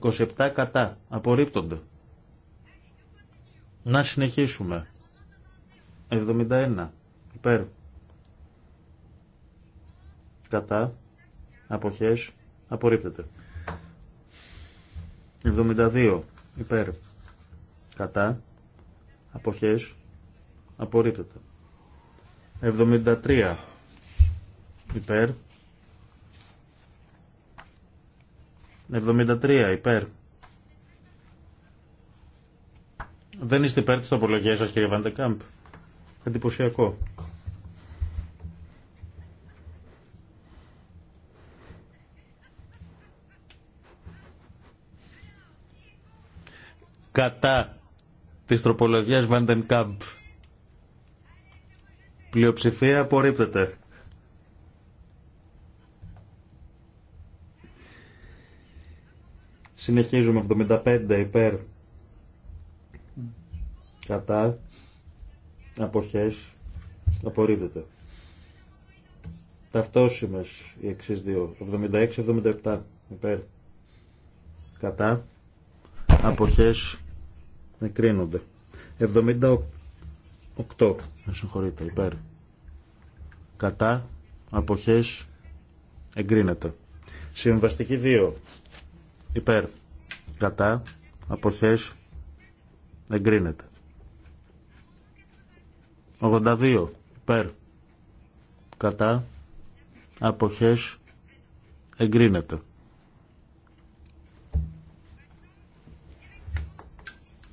27 κατά. Απορρίπτονται. Να συνεχίσουμε. 71. Υπέρ. Κατά αποχές απορρίπτεται. 72 υπέρ κατά αποχές απορρίπτεται. 73 υπέρ 73 υπέρ Δεν είστε υπέρ της απολογίας σας κύριε Βαντεκάμπ. Εντυπωσιακό. κατά της τροπολογίας Βαντενκάμπ. Πλειοψηφία απορρίπτεται. Συνεχίζουμε 75 υπέρ κατά αποχές απορρίπτεται. Ταυτόσιμες οι εξής δύο. 76-77 υπέρ κατά αποχές κρίνονται. 78. Με συγχωρείτε. Υπέρ. Κατά. Αποχές. Εγκρίνεται. Συμβαστική 2. Υπέρ. Κατά. Αποχές. Εγκρίνεται. 82. Υπέρ. Κατά. Αποχές. Εγκρίνεται.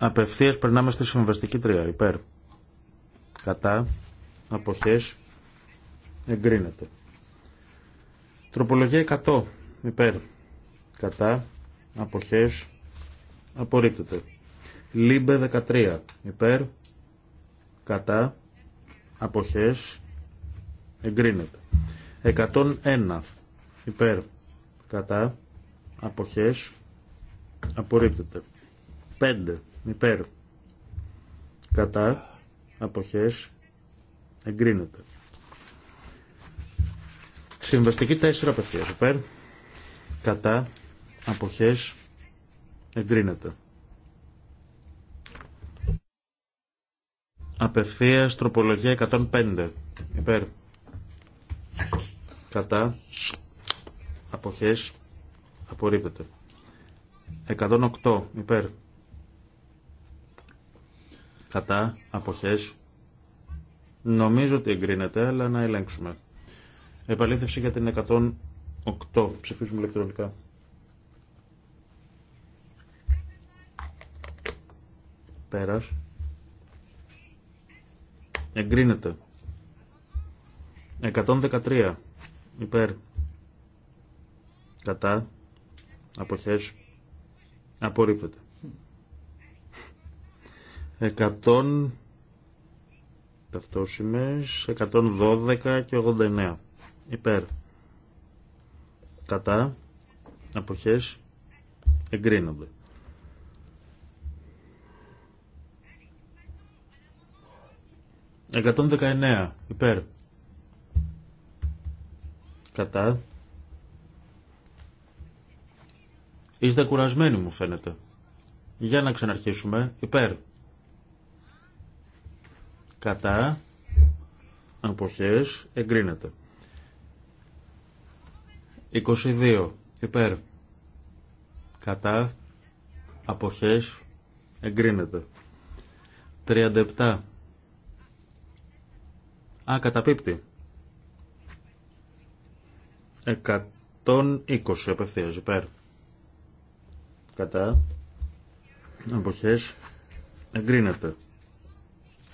Απευθείας περνάμε στη συμβαστική 3. Υπέρ. Κατά. Αποχές. Εγκρίνεται. Τροπολογία 100. Υπέρ. Κατά. Αποχές. Απορρίπτεται. Λίμπε 13. Υπέρ. Κατά. Αποχές. Εγκρίνεται. 101. Υπέρ. Κατά. Αποχές. Απορρίπτεται. 5 υπέρ κατά αποχές εγκρίνεται. Συμβαστική 4 απευθείας υπέρ κατά αποχές εγκρίνεται. Απευθείας τροπολογία 105 υπέρ κατά αποχές απορρίπτεται. 108 υπέρ κατά, αποχές. Νομίζω ότι εγκρίνεται, αλλά να ελέγξουμε. Επαλήθευση για την 108. Ψηφίζουμε ηλεκτρονικά. Πέρας. Εγκρίνεται. 113. Υπέρ. Κατά. Αποχές. Απορρίπτεται. 100 ταυτόσημες 112 και 89 υπέρ κατά αποχές εγκρίνονται Εκατόν δεκαεννέα, υπέρ. Κατά. Είστε κουρασμένοι μου φαίνεται. Για να ξαναρχίσουμε, υπέρ κατά αποχές εγκρίνεται 22 υπέρ κατά αποχές εγκρίνεται 37 α καταπίπτει 120 απευθείας υπέρ κατά αποχές εγκρίνεται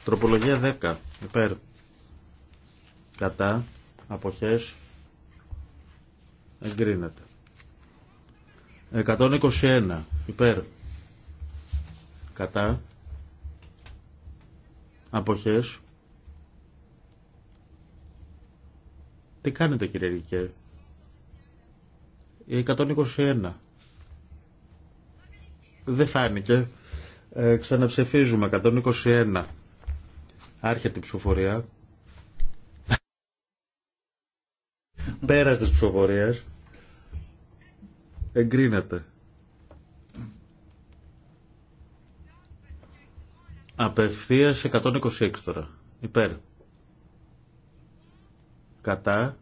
Τροπολογία 10. Υπέρ. Κατά. Αποχές. Εγκρίνεται. 121. Υπέρ. Κατά. Αποχές. Τι κάνετε κύριε Ρικέ. 121. Δεν φάνηκε. Ε, ξαναψηφίζουμε. 121. Άρχεται η ψηφοφορία. Πέρας της ψηφοφορίας. Εγκρίνεται. Απευθείας 126 τώρα. Υπέρ. Κατά.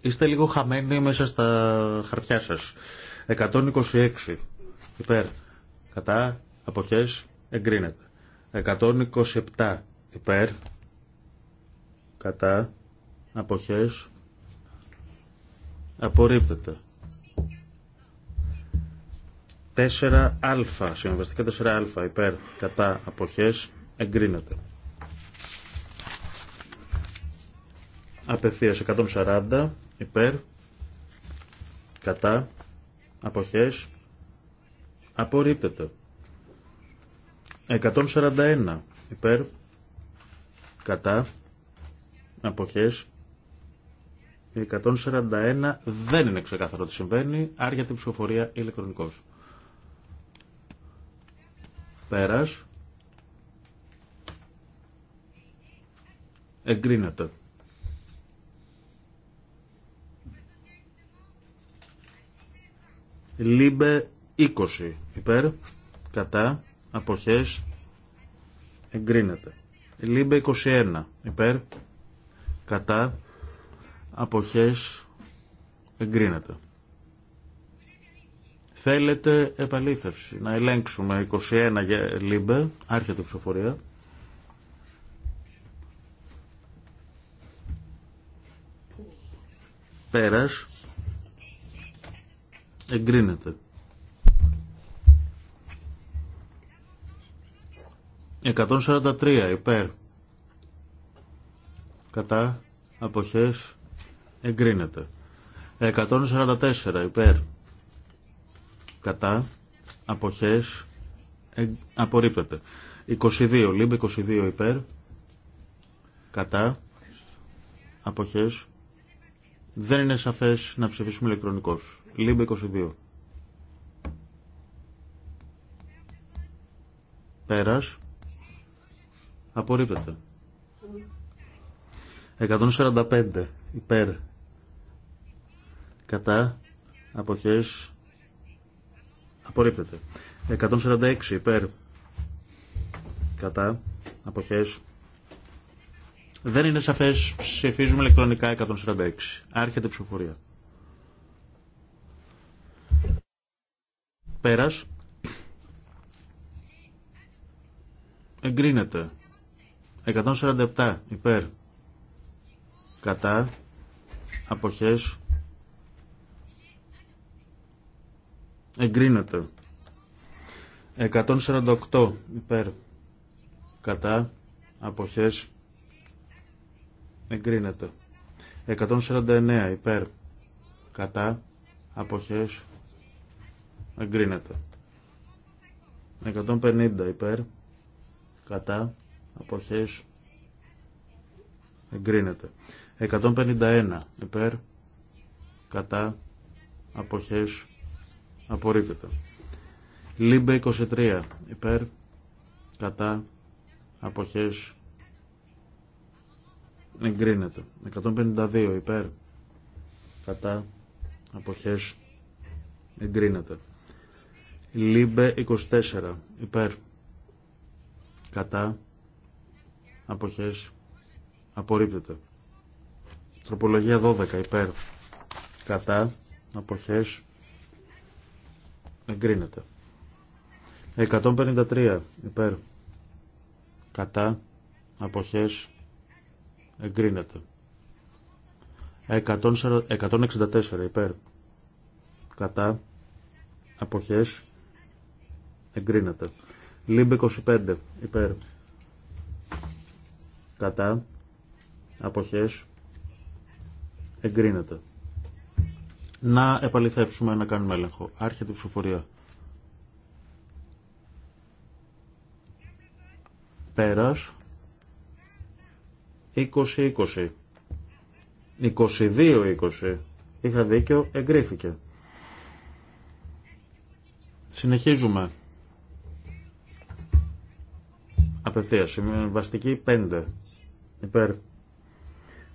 Είστε λίγο χαμένοι μέσα στα χαρτιά σας. 126. Υπέρ. Κατά. Αποχές εγκρίνεται. 127 υπέρ, κατά, αποχές, απορρίπτεται. 4α, συμβαστικά 4α υπέρ, κατά, αποχές, εγκρίνεται. Απευθείας 140 υπέρ, κατά, αποχές, απορρίπτεται. 141 υπέρ κατά αποχές 141 δεν είναι ξεκάθαρο τι συμβαίνει Άρια την ψηφοφορία ηλεκτρονικός πέρας εγκρίνεται Λίμπε 20 υπέρ κατά αποχές εγκρίνεται. Λίμπε 21 υπέρ κατά αποχές εγκρίνεται. Θέλετε επαλήθευση. Να ελέγξουμε 21 για Λίμπε. Άρχεται η ψηφοφορία. Πέρας. Εγκρίνεται. 143 υπέρ. Κατά αποχές εγκρίνεται. 144 υπέρ. Κατά αποχές εγ... απορρίπτεται. 22 λίμπ 22 υπέρ. Κατά αποχές δεν είναι σαφές να ψηφίσουμε ηλεκτρονικός. Λίμπ 22. Πέρας. Απορρίπτεται. 145 υπέρ κατά αποχές απορρίπτεται 146 υπέρ κατά αποχές δεν είναι σαφές ψηφίζουμε ηλεκτρονικά 146 άρχεται η ψηφοφορία πέρας εγκρίνεται 147 υπέρ κατά αποχές εγκρίνεται 148 υπέρ κατά αποχές εγκρίνεται 149 υπέρ κατά αποχές εγκρίνεται 150 υπέρ κατά αποχές εγκρίνεται 151 υπέρ κατά αποχές απορρίπτεται Λίμπε 23 υπέρ κατά αποχές εγκρίνεται 152 υπέρ κατά αποχέ. εγκρίνεται Λίμπε 24 υπέρ κατά αποχές απορρίπτεται. Τροπολογία 12 υπέρ κατά αποχές εγκρίνεται. 153 υπέρ κατά αποχές εγκρίνεται. 164 υπέρ κατά αποχές εγκρίνεται. Λίμπε 25 υπέρ κατά αποχές εγκρίνεται. Να επαληθεύσουμε να κάνουμε έλεγχο. Άρχεται η ψηφοφορία. Πέρας 20-20 22-20 Είχα δίκιο, εγκρίθηκε. Συνεχίζουμε. Απευθεία, συμβαστική 5 υπέρ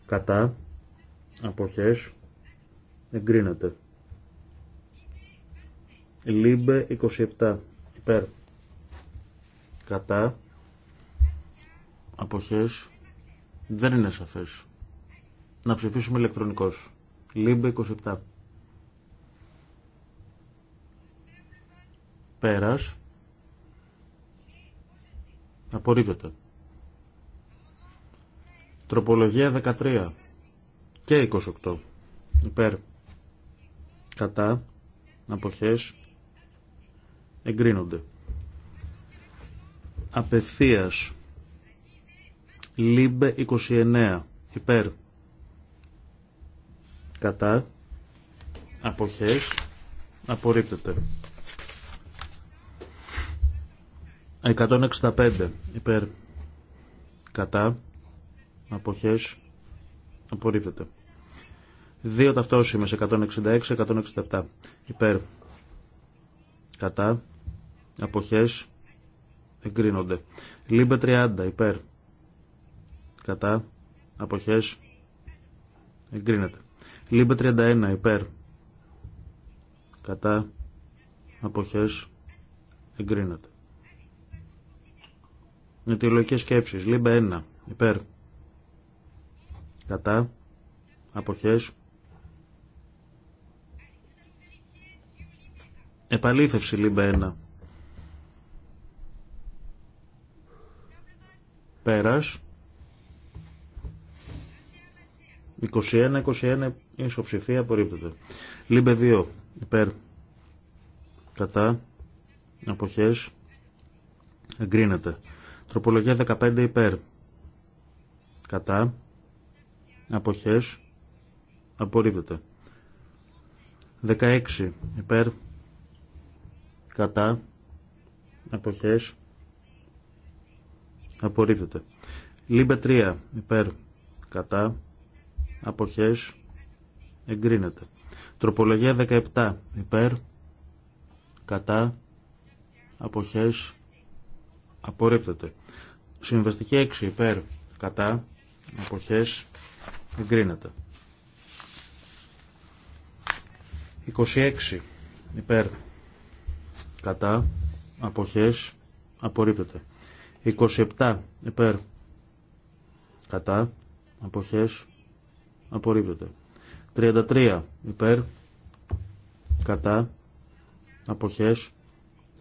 κατά αποχές εγκρίνεται λίμπε 27 υπέρ κατά αποχές δεν είναι σαφές να ψηφίσουμε ηλεκτρονικός λίμπε 27 πέρας απορρίπτεται Τροπολογία 13 και 28. Υπέρ. Κατά. Αποχές. Εγκρίνονται. Απευθείας. Λίμπε 29. Υπέρ. Κατά. Αποχές. Απορρίπτεται. 165. Υπέρ. Κατά αποχές απορρίπτεται. Δύο ταυτόσημες 166-167 υπέρ κατά αποχές εγκρίνονται. Λίμπε 30 υπέρ κατά αποχές εγκρίνεται. Λίμπε 31 υπέρ κατά αποχές εγκρίνεται. Με τη λογική σκέψη. Λίμπε 1 υπέρ κατά αποχές επαλήθευση λίμπε 1 πέρας 21-21 ισοψηφία απορρίπτεται. Λίμπε 2 υπέρ κατά αποχές εγκρίνεται. Τροπολογία 15 υπέρ κατά αποχές απορρίπτεται 16 υπέρ κατά αποχές απορρίπτεται λίμπε 3 υπέρ κατά αποχές εγκρίνεται τροπολογία 17 υπέρ κατά αποχές απορρίπτεται συμβαστική 6 υπέρ κατά αποχές Εγκρίνεται. 26 υπέρ κατά αποχές απορρίπτεται. 27 υπέρ κατά αποχές απορρίπτεται. 33 υπέρ κατά αποχές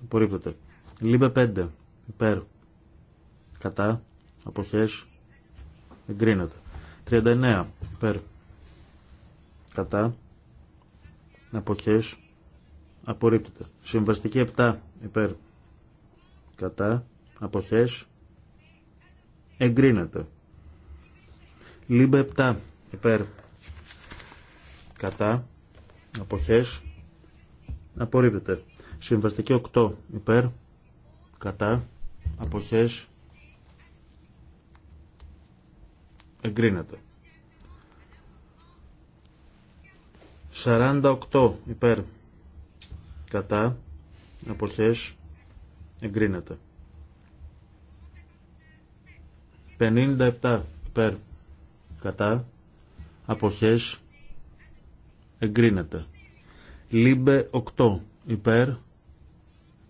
απορρίπτεται. Λίμπε 5 υπέρ κατά αποχές εγκρίνεται. 39 υπέρ κατά αποχές απορρίπτεται. Συμβαστική 7 υπέρ κατά αποχές εγκρίνεται. Λίμπε 7 υπέρ κατά αποχές απορρίπτεται. Συμβαστική 8 υπέρ κατά αποχές εγκρίνεται. 48 υπέρ κατά αποχές εγκρίνεται. 57 υπέρ κατά αποχές εγκρίνεται. Λίμπε 8 υπέρ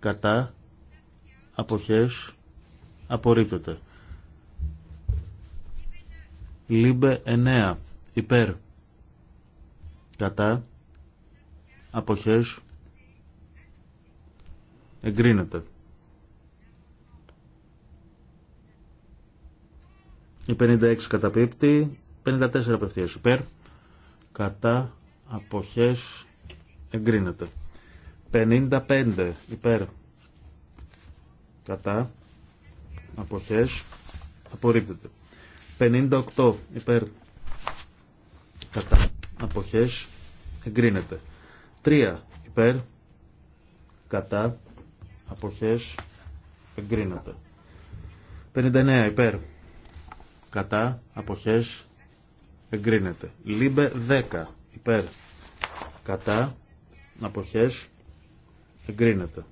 κατά αποχές απορρίπτεται. Λίμπε 9 υπέρ κατά αποχές εγκρίνεται. Η 56 καταπίπτει, 54 απευθείας υπέρ, κατά αποχές εγκρίνεται. 55 υπέρ, κατά αποχές απορρίπτεται. 58 υπέρ κατά αποχές εγκρίνεται 3 υπέρ κατά αποχές εγκρίνεται 59 υπέρ κατά αποχές εγκρίνεται λίμπε 10 υπέρ κατά αποχές εγκρίνεται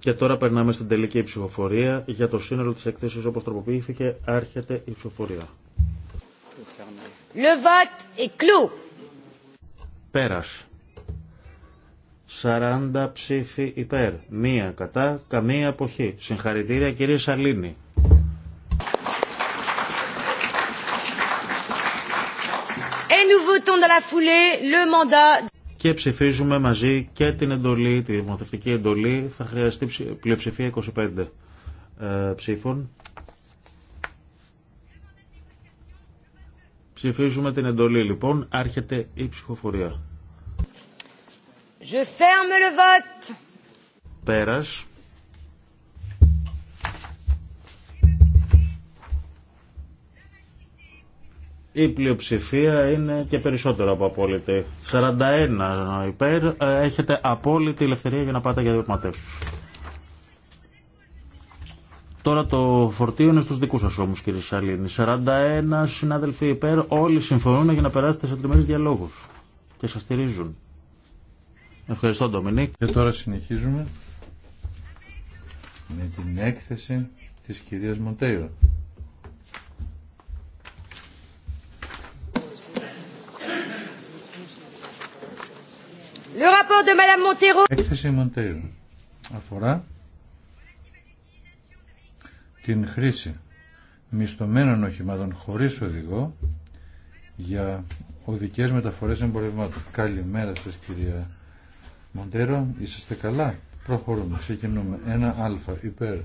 και τώρα περνάμε στην τελική ψηφοφορία για το σύνολο της εκθέσεως όπως τροποποιήθηκε. Άρχεται η ψηφοφορία. Le vote est clos. Πέρας. 40 ψήφοι υπέρ, μία κατά, καμία αποχή. Συγχαρητήρια κύριε Σαλίνη. Et nous votons dans la foulée le mandat και ψηφίζουμε μαζί και την εντολή, τη δημοτευτική εντολή. Θα χρειαστεί πλειοψηφία 25 ε, ψήφων. Ψηφίζουμε την εντολή λοιπόν. Άρχεται η ψηφοφορία. Je ferme le vote. Πέρας. η πλειοψηφία είναι και περισσότερο από απόλυτη. 41 υπέρ, ε, έχετε απόλυτη ελευθερία για να πάτε για διαπραγματεύσει. Τώρα το φορτίο είναι στους δικούς σα όμω, κύριε Σαλήνη. 41 συνάδελφοι υπέρ, όλοι συμφωνούν για να περάσετε σε τριμερεί διαλόγους και σα στηρίζουν. Ευχαριστώ Ντομινίκ. Και τώρα συνεχίζουμε με την έκθεση της κυρίας Μοντέιρο. Έκθεση Μοντέρο αφορά την χρήση μισθωμένων οχημάτων χωρίς οδηγό για οδικές μεταφορές εμπορευμάτων. Καλημέρα σας κυρία Μοντέρο, είσαστε καλά. Προχωρούμε, ξεκινούμε. Ένα α, υπέρ.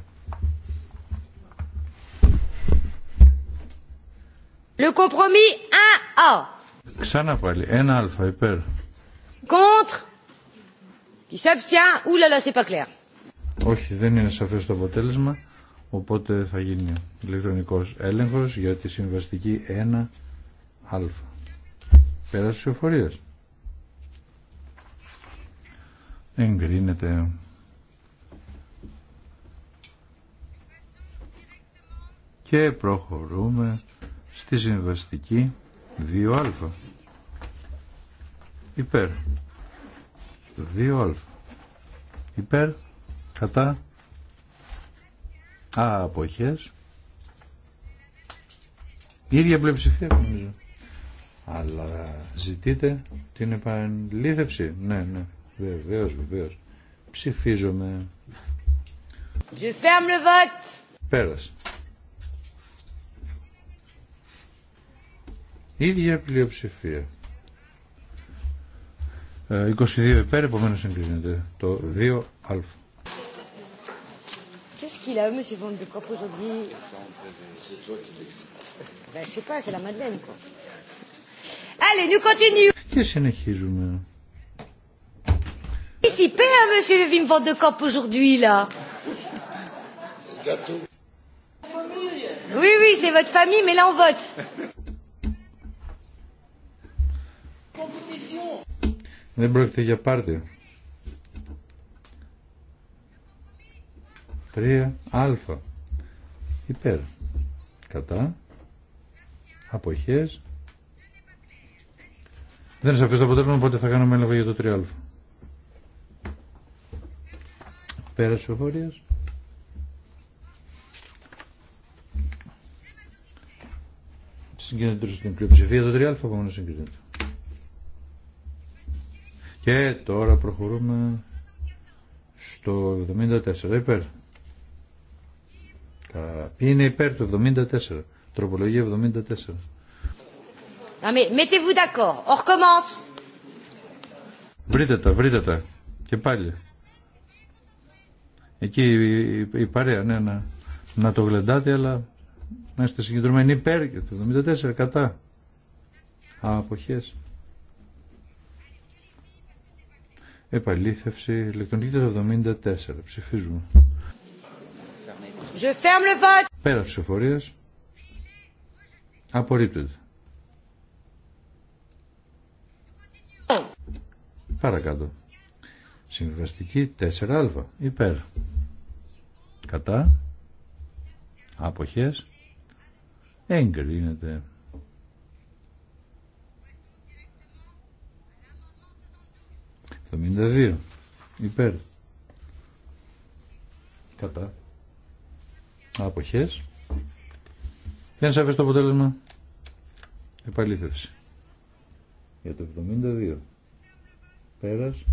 Le compromis 1A. Ξανά πάλι, ένα α, υπέρ. Contre. Qui s'abstient. c'est pas clair. Όχι, δεν είναι σαφέ το αποτέλεσμα, οπότε θα γίνει ηλεκτρονικό έλεγχο για τη συμβαστική 1α. Πέρα τη ψηφοφορίας. Εγκρίνεται. Και προχωρούμε στη συμβαστική 2α υπέρ. 2α. Υπέρ, κατά, α, αποχές. ίδια πλειοψηφία νομίζω. Αλλά ζητείτε την επανλήθευση. Ναι, ναι, βεβαίω, βεβαίω. Ψηφίζομαι. Πέρασε. ίδια πλειοψηφία. 22 υπέρ, επομένως συγκρίνεται το 2α. Qu'est-ce qu'il a, monsieur Van de Kopp, aujourd'hui C'est toi qui l'excites. Ben, je sais pas, c'est la Madeleine, quoi. Allez, nous continuons. Και συνεχίζουμε. Ici, paix, hein, monsieur Wim Van de Kopp, aujourd'hui, là. Gâteau. Oui, oui, c'est votre famille, mais là, on vote. Compétition. Δεν πρόκειται για πάρτι. 3α. Υπέρ. Κατά. Αποχές. Δεν είναι σαφές το αποτέλεσμα, οπότε θα κάνουμε έλεγχο για το 3α. Πέρασε ο ψηφοφορίας. Συγκεντρώσει την πλειοψηφία. Το 3α επόμενο συγκεντρώσει. Και τώρα προχωρούμε στο 74 υπέρ. Ποιοι είναι υπέρ του 74. Τροπολογία 74. Να mais mettez-vous d'accord, on recommence. Βρείτε τα, βρείτε τα. Και πάλι. Εκεί η παρέα, ναι, να, να το γλεντάτε, αλλά να είστε συγκεντρωμένοι υπέρ του 74, κατά. Αποχές. Επαλήθευση ηλεκτρονική 74. Ψηφίζουμε. Je ferme le vote. Απορρίπτεται. Παρακάτω. Συμβαστική 4α. Υπέρ. Κατά. Αποχές. Έγκρινεται. 72 υπέρ κατά αποχές δεν σαφές το αποτέλεσμα επαλήθευση για το 72 πέρας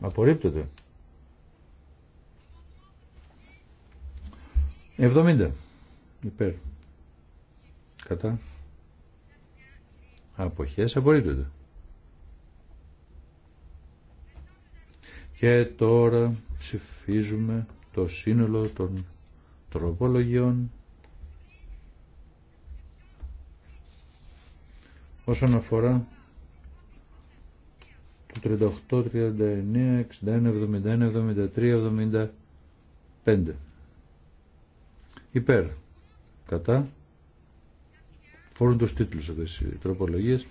απορρίπτεται 70 υπέρ κατά αποχές απορρίπτεται. Και τώρα ψηφίζουμε το σύνολο των τροπολογιών όσον αφορά το 38, 39, 61, 71, 73, 75. Υπέρ. Κατά αφορούν τους τίτλους αυτές οι τροπολογίες.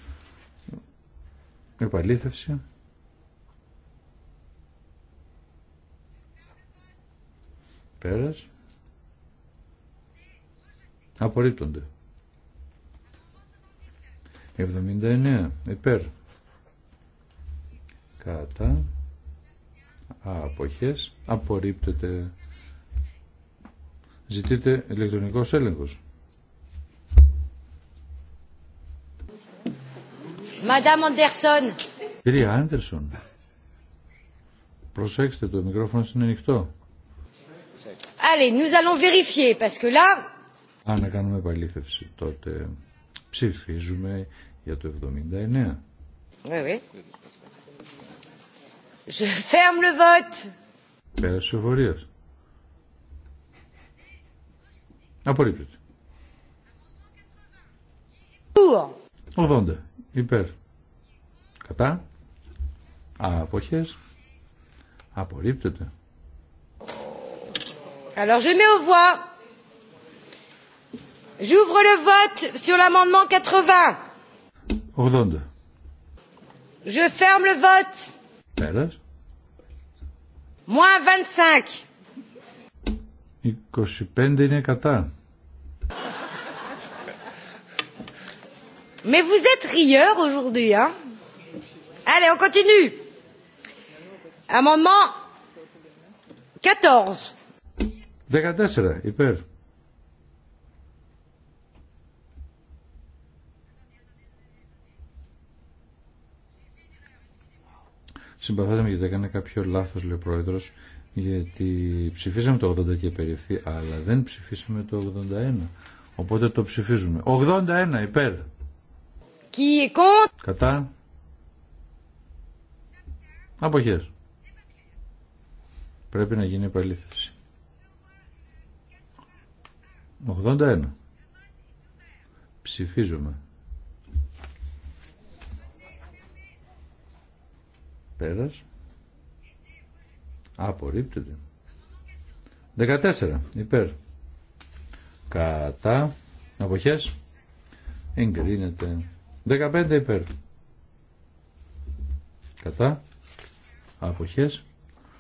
Επαλήθευση. Πέρας. Απορρίπτονται. 79. Υπέρ. Κατά. Αποχές. Απορρίπτεται. Ζητείτε ηλεκτρονικός έλεγχος. Madame Anderson. Κυρία Άντερσον, προσέξτε το μικρόφωνο είναι ανοιχτό. Allez, nous allons vérifier, parce que là... Αν να κάνουμε επαλήθευση, τότε ψηφίζουμε για το 79. Oui, oui. Je ferme le vote. Πέρασε ο Απορρίπτεται. 80 υπέρ κατά αποχές απορρίπτεται Alors je mets aux voix J'ouvre le vote sur l'amendement 80. 80. Je ferme le vote. Πέρας. Moins 25. 25 είναι κατά. Mais vous êtes rieur aujourd'hui, hein Allez, on continue. Amendement 14. 14, υπέρ. Συμπαθάτε με γιατί έκανε κάποιο λάθο λέει ο Πρόεδρος, γιατί ψηφίσαμε το 80 και περιευθεί, αλλά δεν ψηφίσαμε το 81. Οπότε το ψηφίζουμε. 81 υπέρ. Κατά. Αποχές. Πρέπει να γίνει επαλήθευση. 81. Ψηφίζουμε. Πέρας. Απορρίπτεται. 14. Υπέρ. Κατά. Αποχές. Εγκρίνεται. 15 υπέρ. Κατά. Αποχές.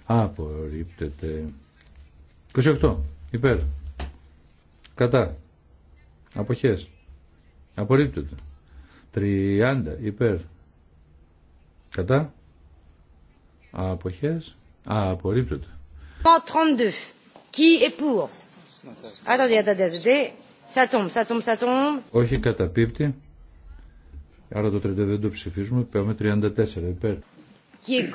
Απορρίπτεται. 28 υπέρ. Κατά. Αποχές. Απορρίπτεται. 30 υπέρ. Κατά. Αποχές. απορρίπτεται. 32. Qui est pour Attendez, attendez, attendez. Ça tombe, ça tombe, ça tombe. Όχι καταπίπτει. Άρα το 32 δεν το ψηφίζουμε, πάμε 34 υπέρ. Qui est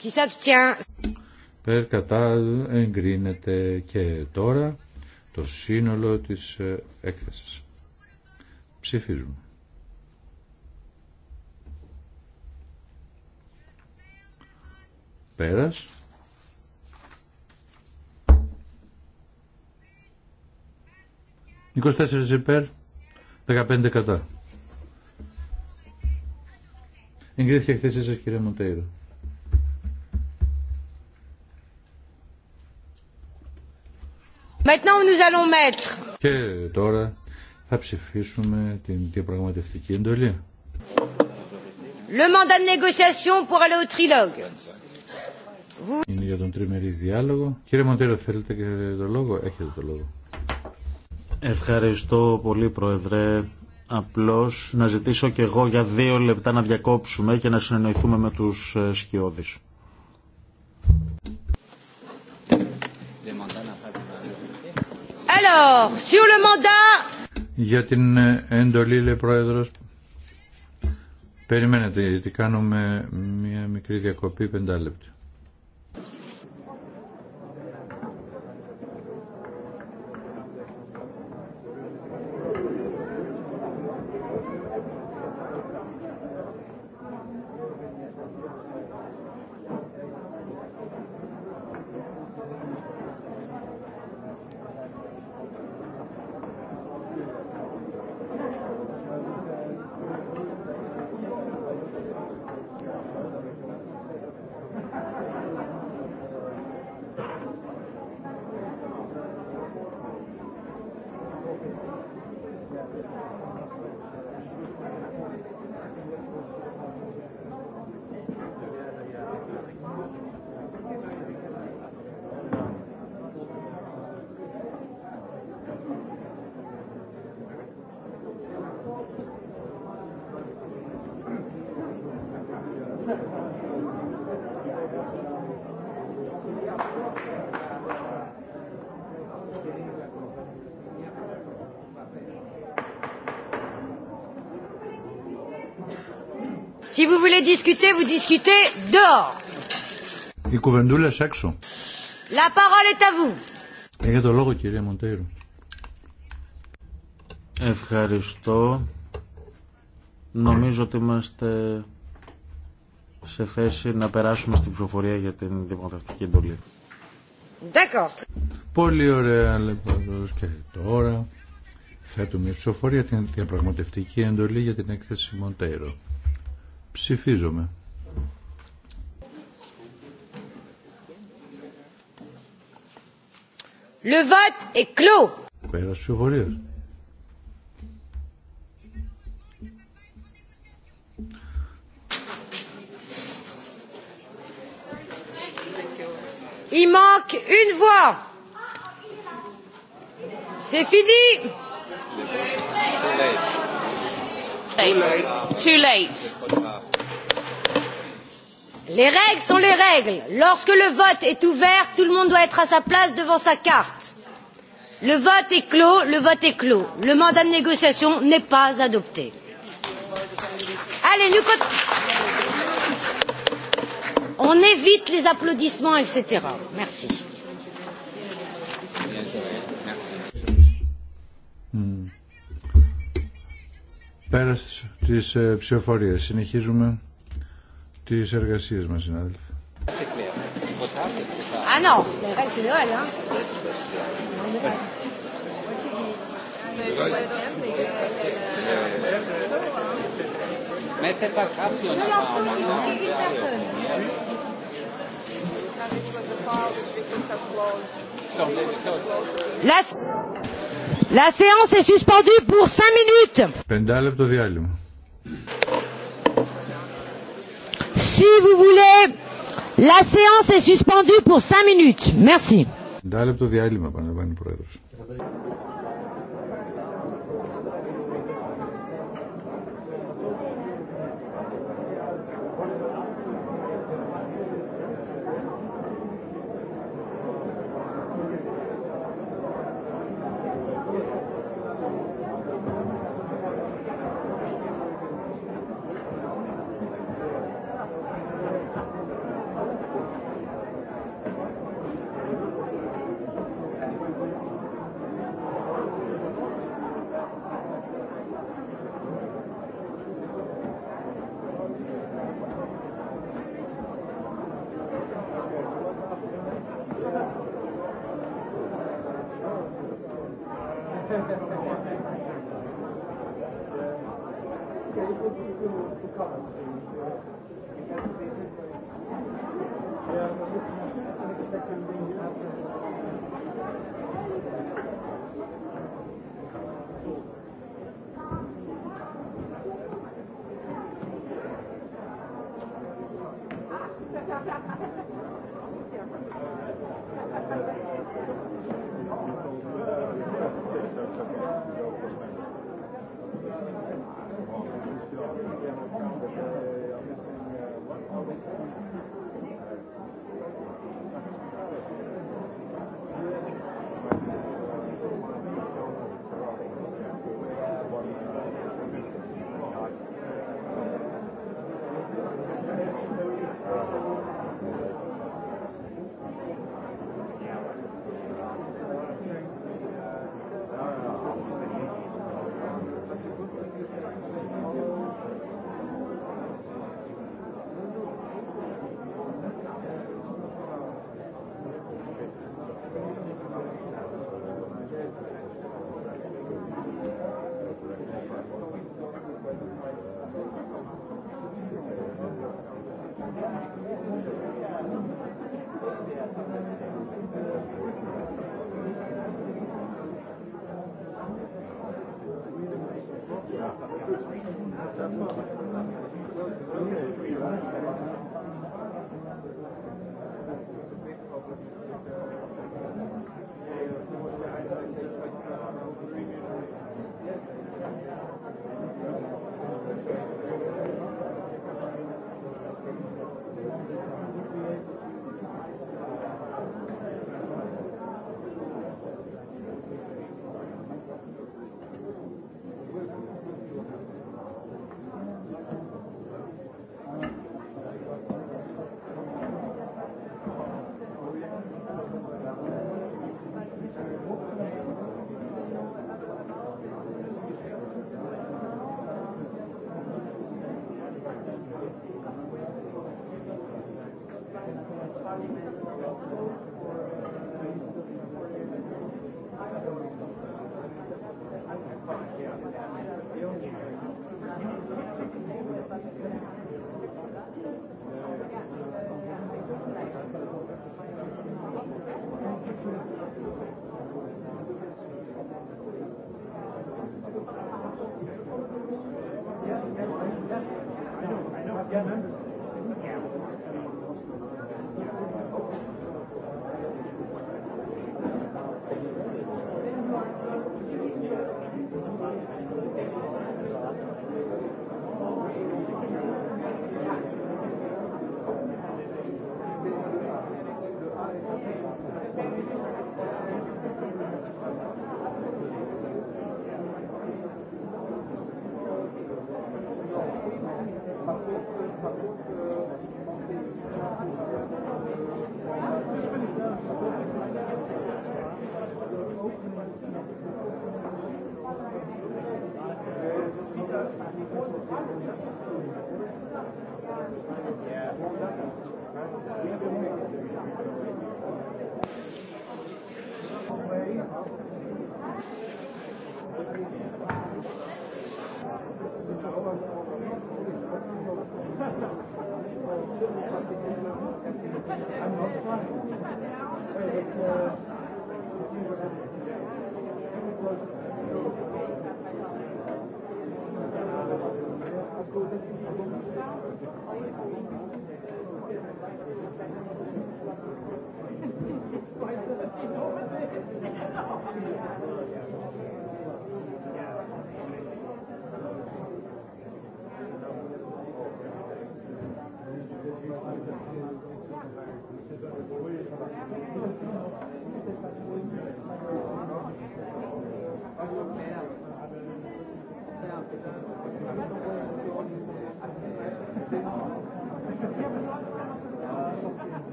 qui s'abstient. κατά εγκρίνεται και τώρα το σύνολο της ε, έκθεσης. Ψηφίζουμε. Πέρας. 24 υπέρ, 15 κατά. Εγκρίθηκε η εκθέσή σας κύριε Μοντέιρο. Και τώρα θα ψηφίσουμε την διαπραγματευτική εντολή. Le mandat de négociation Είναι για τον τριμερή διάλογο. Κύριε Μοντέρο, θέλετε και το λόγο. Έχετε το λόγο. Ευχαριστώ πολύ, Πρόεδρε. Απλώς να ζητήσω και εγώ για δύο λεπτά να διακόψουμε και να συνεννοηθούμε με τους ε, σκιώδεις. Για την ε, εντολή, λέει Πρόεδρος, περιμένετε γιατί κάνουμε μια μικρή διακοπή πεντάλεπτη. discutez, vous discutez dehors. Οι κουβεντούλε έξω. La parole est à vous. Έχετε το λόγο, κυρία Μοντέιρο. Ευχαριστώ. Νομίζω ότι είμαστε σε θέση να περάσουμε στην πληροφορία για την δημοκρατική εντολή. D'accord. Πολύ ωραία λοιπόν και τώρα θα θέτουμε η ψηφοφορία την διαπραγματευτική εντολή για την έκθεση Μοντέιρο. Ψηφίζομαι. Le vote est clos. Πέρας ψηφοφορίας. Il manque une voix. C'est fini. Too late. Too late. Les règles sont les règles. Lorsque le vote est ouvert, tout le monde doit être à sa place devant sa carte. Le vote est clos, le vote est clos. Le mandat de négociation n'est pas adopté. nous On évite les applaudissements, etc. Merci. Πέρας Συνεχίζουμε τις εργασίες μας, συνάδελφοι. Ah non, c'est Noël, hein Mais c'est pas grave si on n'a pas un La, la séance est suspendue pour 5 minutes. Πεντάλεπτο διάλειμμα. Si vous voulez, la séance est suspendue pour 5 minutes. Merci.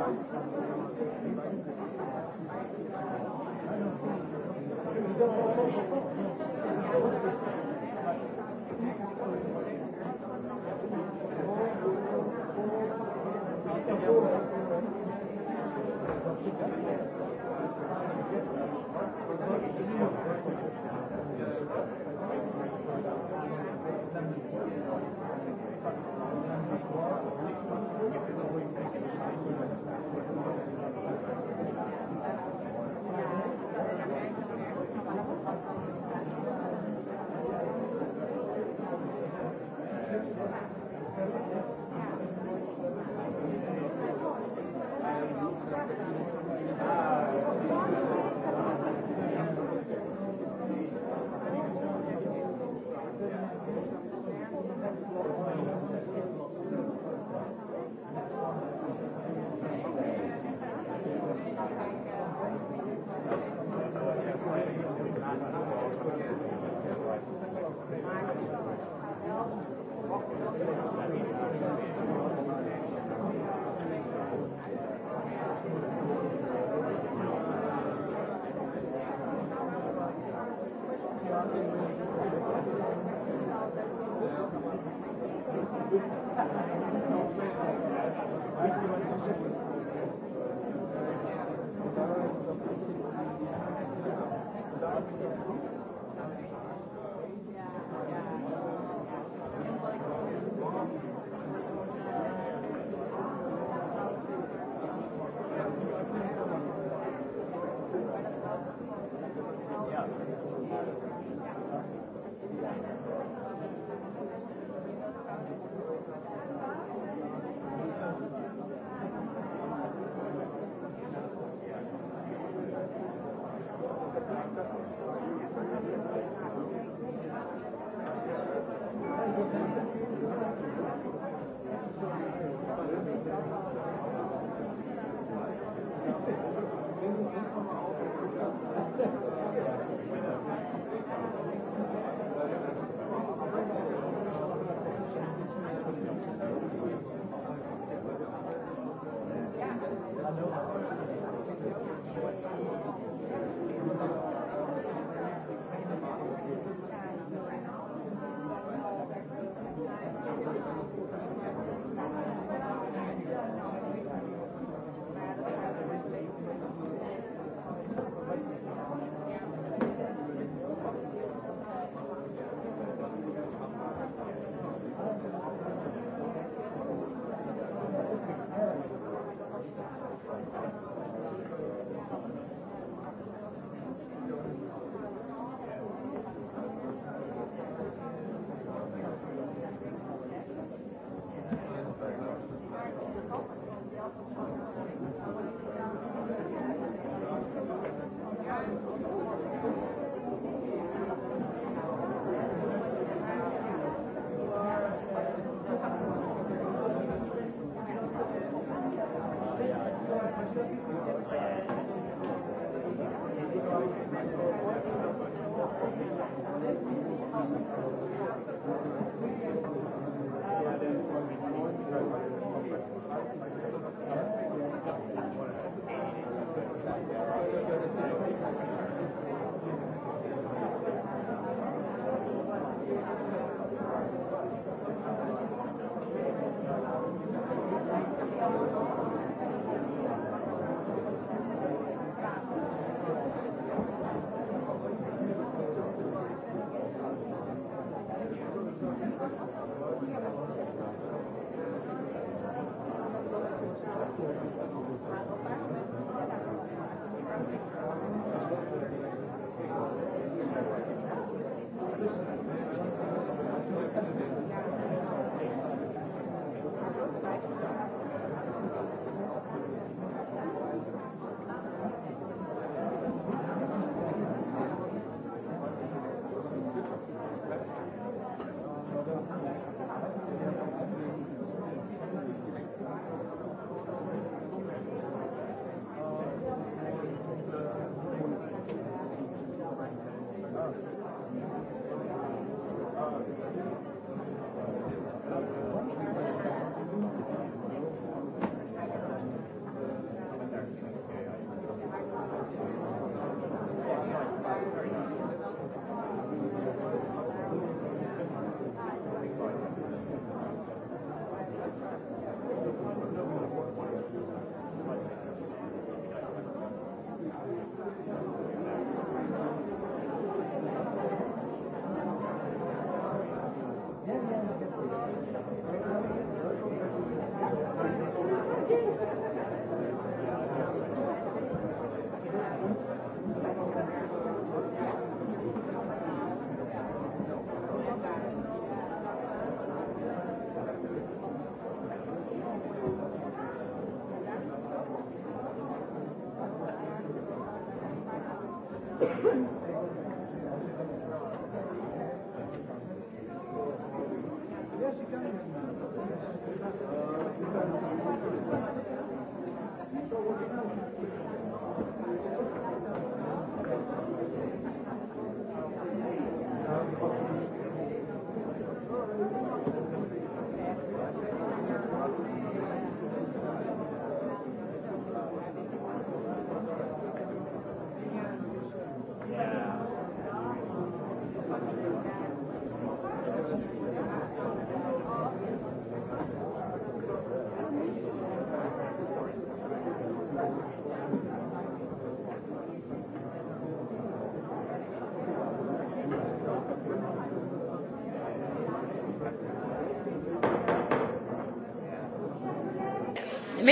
Thank you.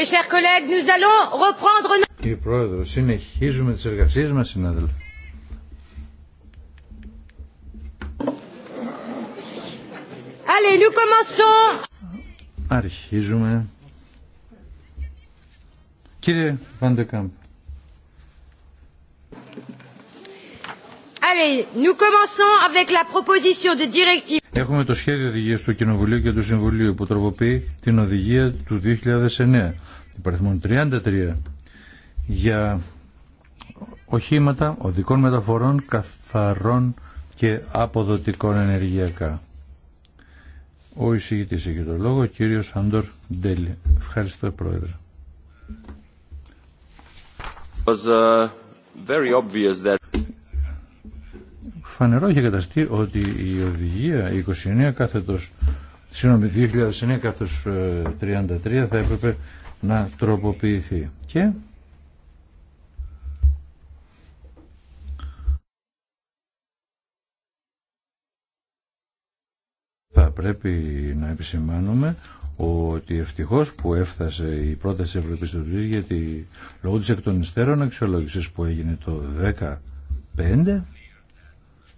Mes chers collègues, nous allons reprendre... Κύριε Πρόεδρο, συνεχίζουμε τις εργασίες μας, συνάδελφοι. Allez, nous commençons. Αρχίζουμε. Κύριε Βαντεκάμπ. Allez, nous commençons avec la proposition de directive. Έχουμε το σχέδιο οδηγίας του Κοινοβουλίου και του Συμβουλίου που τροποποιεί την οδηγία του 2009, υπαριθμών 33, για οχήματα οδικών μεταφορών καθαρών και αποδοτικών ενεργειακά. Ο εισηγητής έχει το λόγο, ο κύριος Αντόρ Ντέλη. Ευχαριστώ, Πρόεδρε. Uh, very that φανερό έχει καταστεί ότι η οδηγία 29 κάθετος 2009 κάθετος 33 ε, θα έπρεπε να τροποποιηθεί και θα πρέπει να επισημάνουμε ότι ευτυχώ που έφτασε η πρόταση Ευρωπιστοτικής γιατί λόγω της εκ των υστέρων αξιολόγησης που έγινε το 2015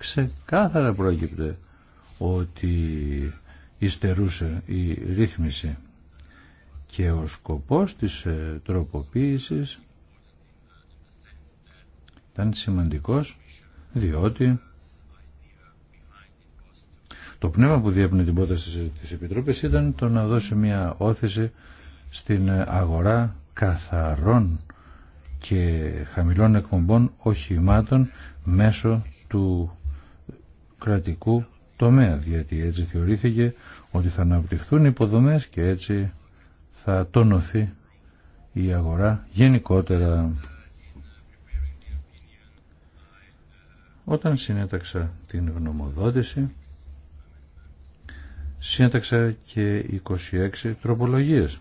ξεκάθαρα πρόκειπτε ότι ιστερούσε η ρύθμιση και ο σκοπός της ε, τροποποίησης ήταν σημαντικός διότι το πνεύμα που διέπνε την πρόταση της Επιτροπής ήταν το να δώσει μια όθηση στην αγορά καθαρών και χαμηλών εκπομπών οχημάτων μέσω του κρατικού τομέα, γιατί έτσι θεωρήθηκε ότι θα αναπτυχθούν υποδομές και έτσι θα τονωθεί η αγορά γενικότερα. Όταν συνέταξα την γνωμοδότηση, συνέταξα και 26 τροπολογίες.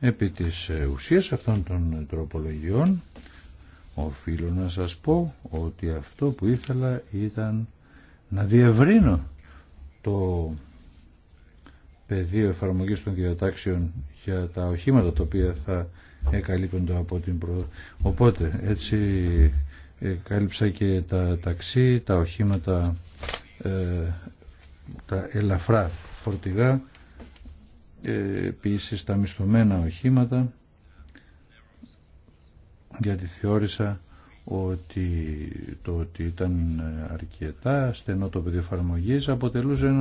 Επί της ε, ουσίας αυτών των τροπολογιών Οφείλω να σας πω ότι αυτό που ήθελα ήταν να διευρύνω το πεδίο εφαρμογής των διατάξεων για τα οχήματα τα οποία θα εκαλύπτονται από την προ... Οπότε έτσι ε, κάλυψα και τα ταξί, τα οχήματα, ε, τα ελαφρά φορτηγά, ε, επίσης τα μισθωμένα οχήματα γιατί θεώρησα ότι το ότι ήταν αρκετά στενό το πεδίο εφαρμογή αποτελούσε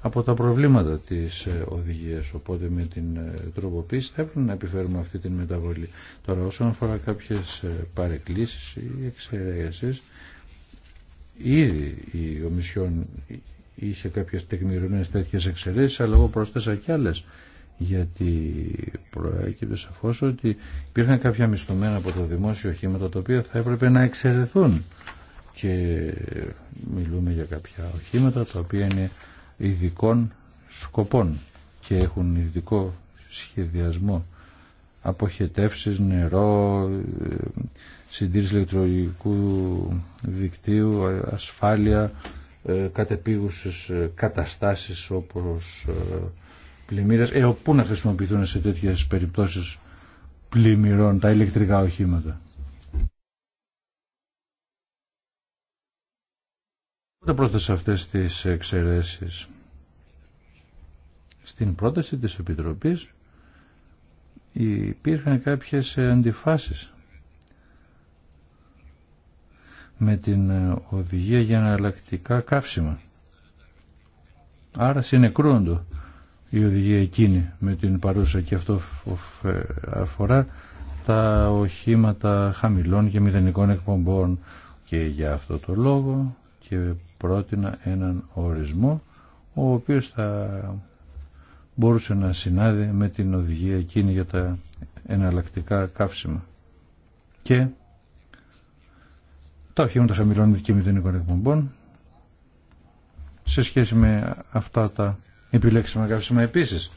από τα προβλήματα της ε, οδηγίας οπότε με την ε, τροποποίηση θα έπρεπε να επιφέρουμε αυτή την μεταβολή τώρα όσον αφορά κάποιες ε, παρεκκλήσεις ή εξαιρέσεις ήδη η Κομισιόν είχε κάποιες τεκμηριωμένες τέτοιες εξαιρέσεις αλλά εγώ πρόσθεσα και άλλες γιατί προέκυψε σαφώ ότι υπήρχαν κάποια μισθωμένα από το δημόσιο οχήματα τα οποία θα έπρεπε να εξαιρεθούν και μιλούμε για κάποια οχήματα τα οποία είναι ειδικών σκοπών και έχουν ειδικό σχεδιασμό αποχετεύσεις, νερό, ε, συντήρηση ηλεκτρολογικού δικτύου, ε, ασφάλεια, ε, κατεπίγουσες καταστάσεις όπως πλημμύρες, ε, πού να χρησιμοποιηθούν σε τέτοιες περιπτώσει πλημμυρών τα ηλεκτρικά οχήματα. Πρώτα πρόσθεσε αυτές τις εξαιρέσεις στην πρόταση της Επιτροπής υπήρχαν κάποιες αντιφάσεις με την οδηγία για εναλλακτικά καύσιμα. Άρα συνεκρούντο η οδηγία εκείνη με την παρούσα και αυτό αφορά τα οχήματα χαμηλών και μηδενικών εκπομπών και για αυτό το λόγο και πρότεινα έναν ορισμό ο οποίος θα μπορούσε να συνάδει με την οδηγία εκείνη για τα εναλλακτικά καύσιμα και τα οχήματα χαμηλών και μηδενικών εκπομπών σε σχέση με αυτά τα επιλέξιμα καύσιμα επίσης.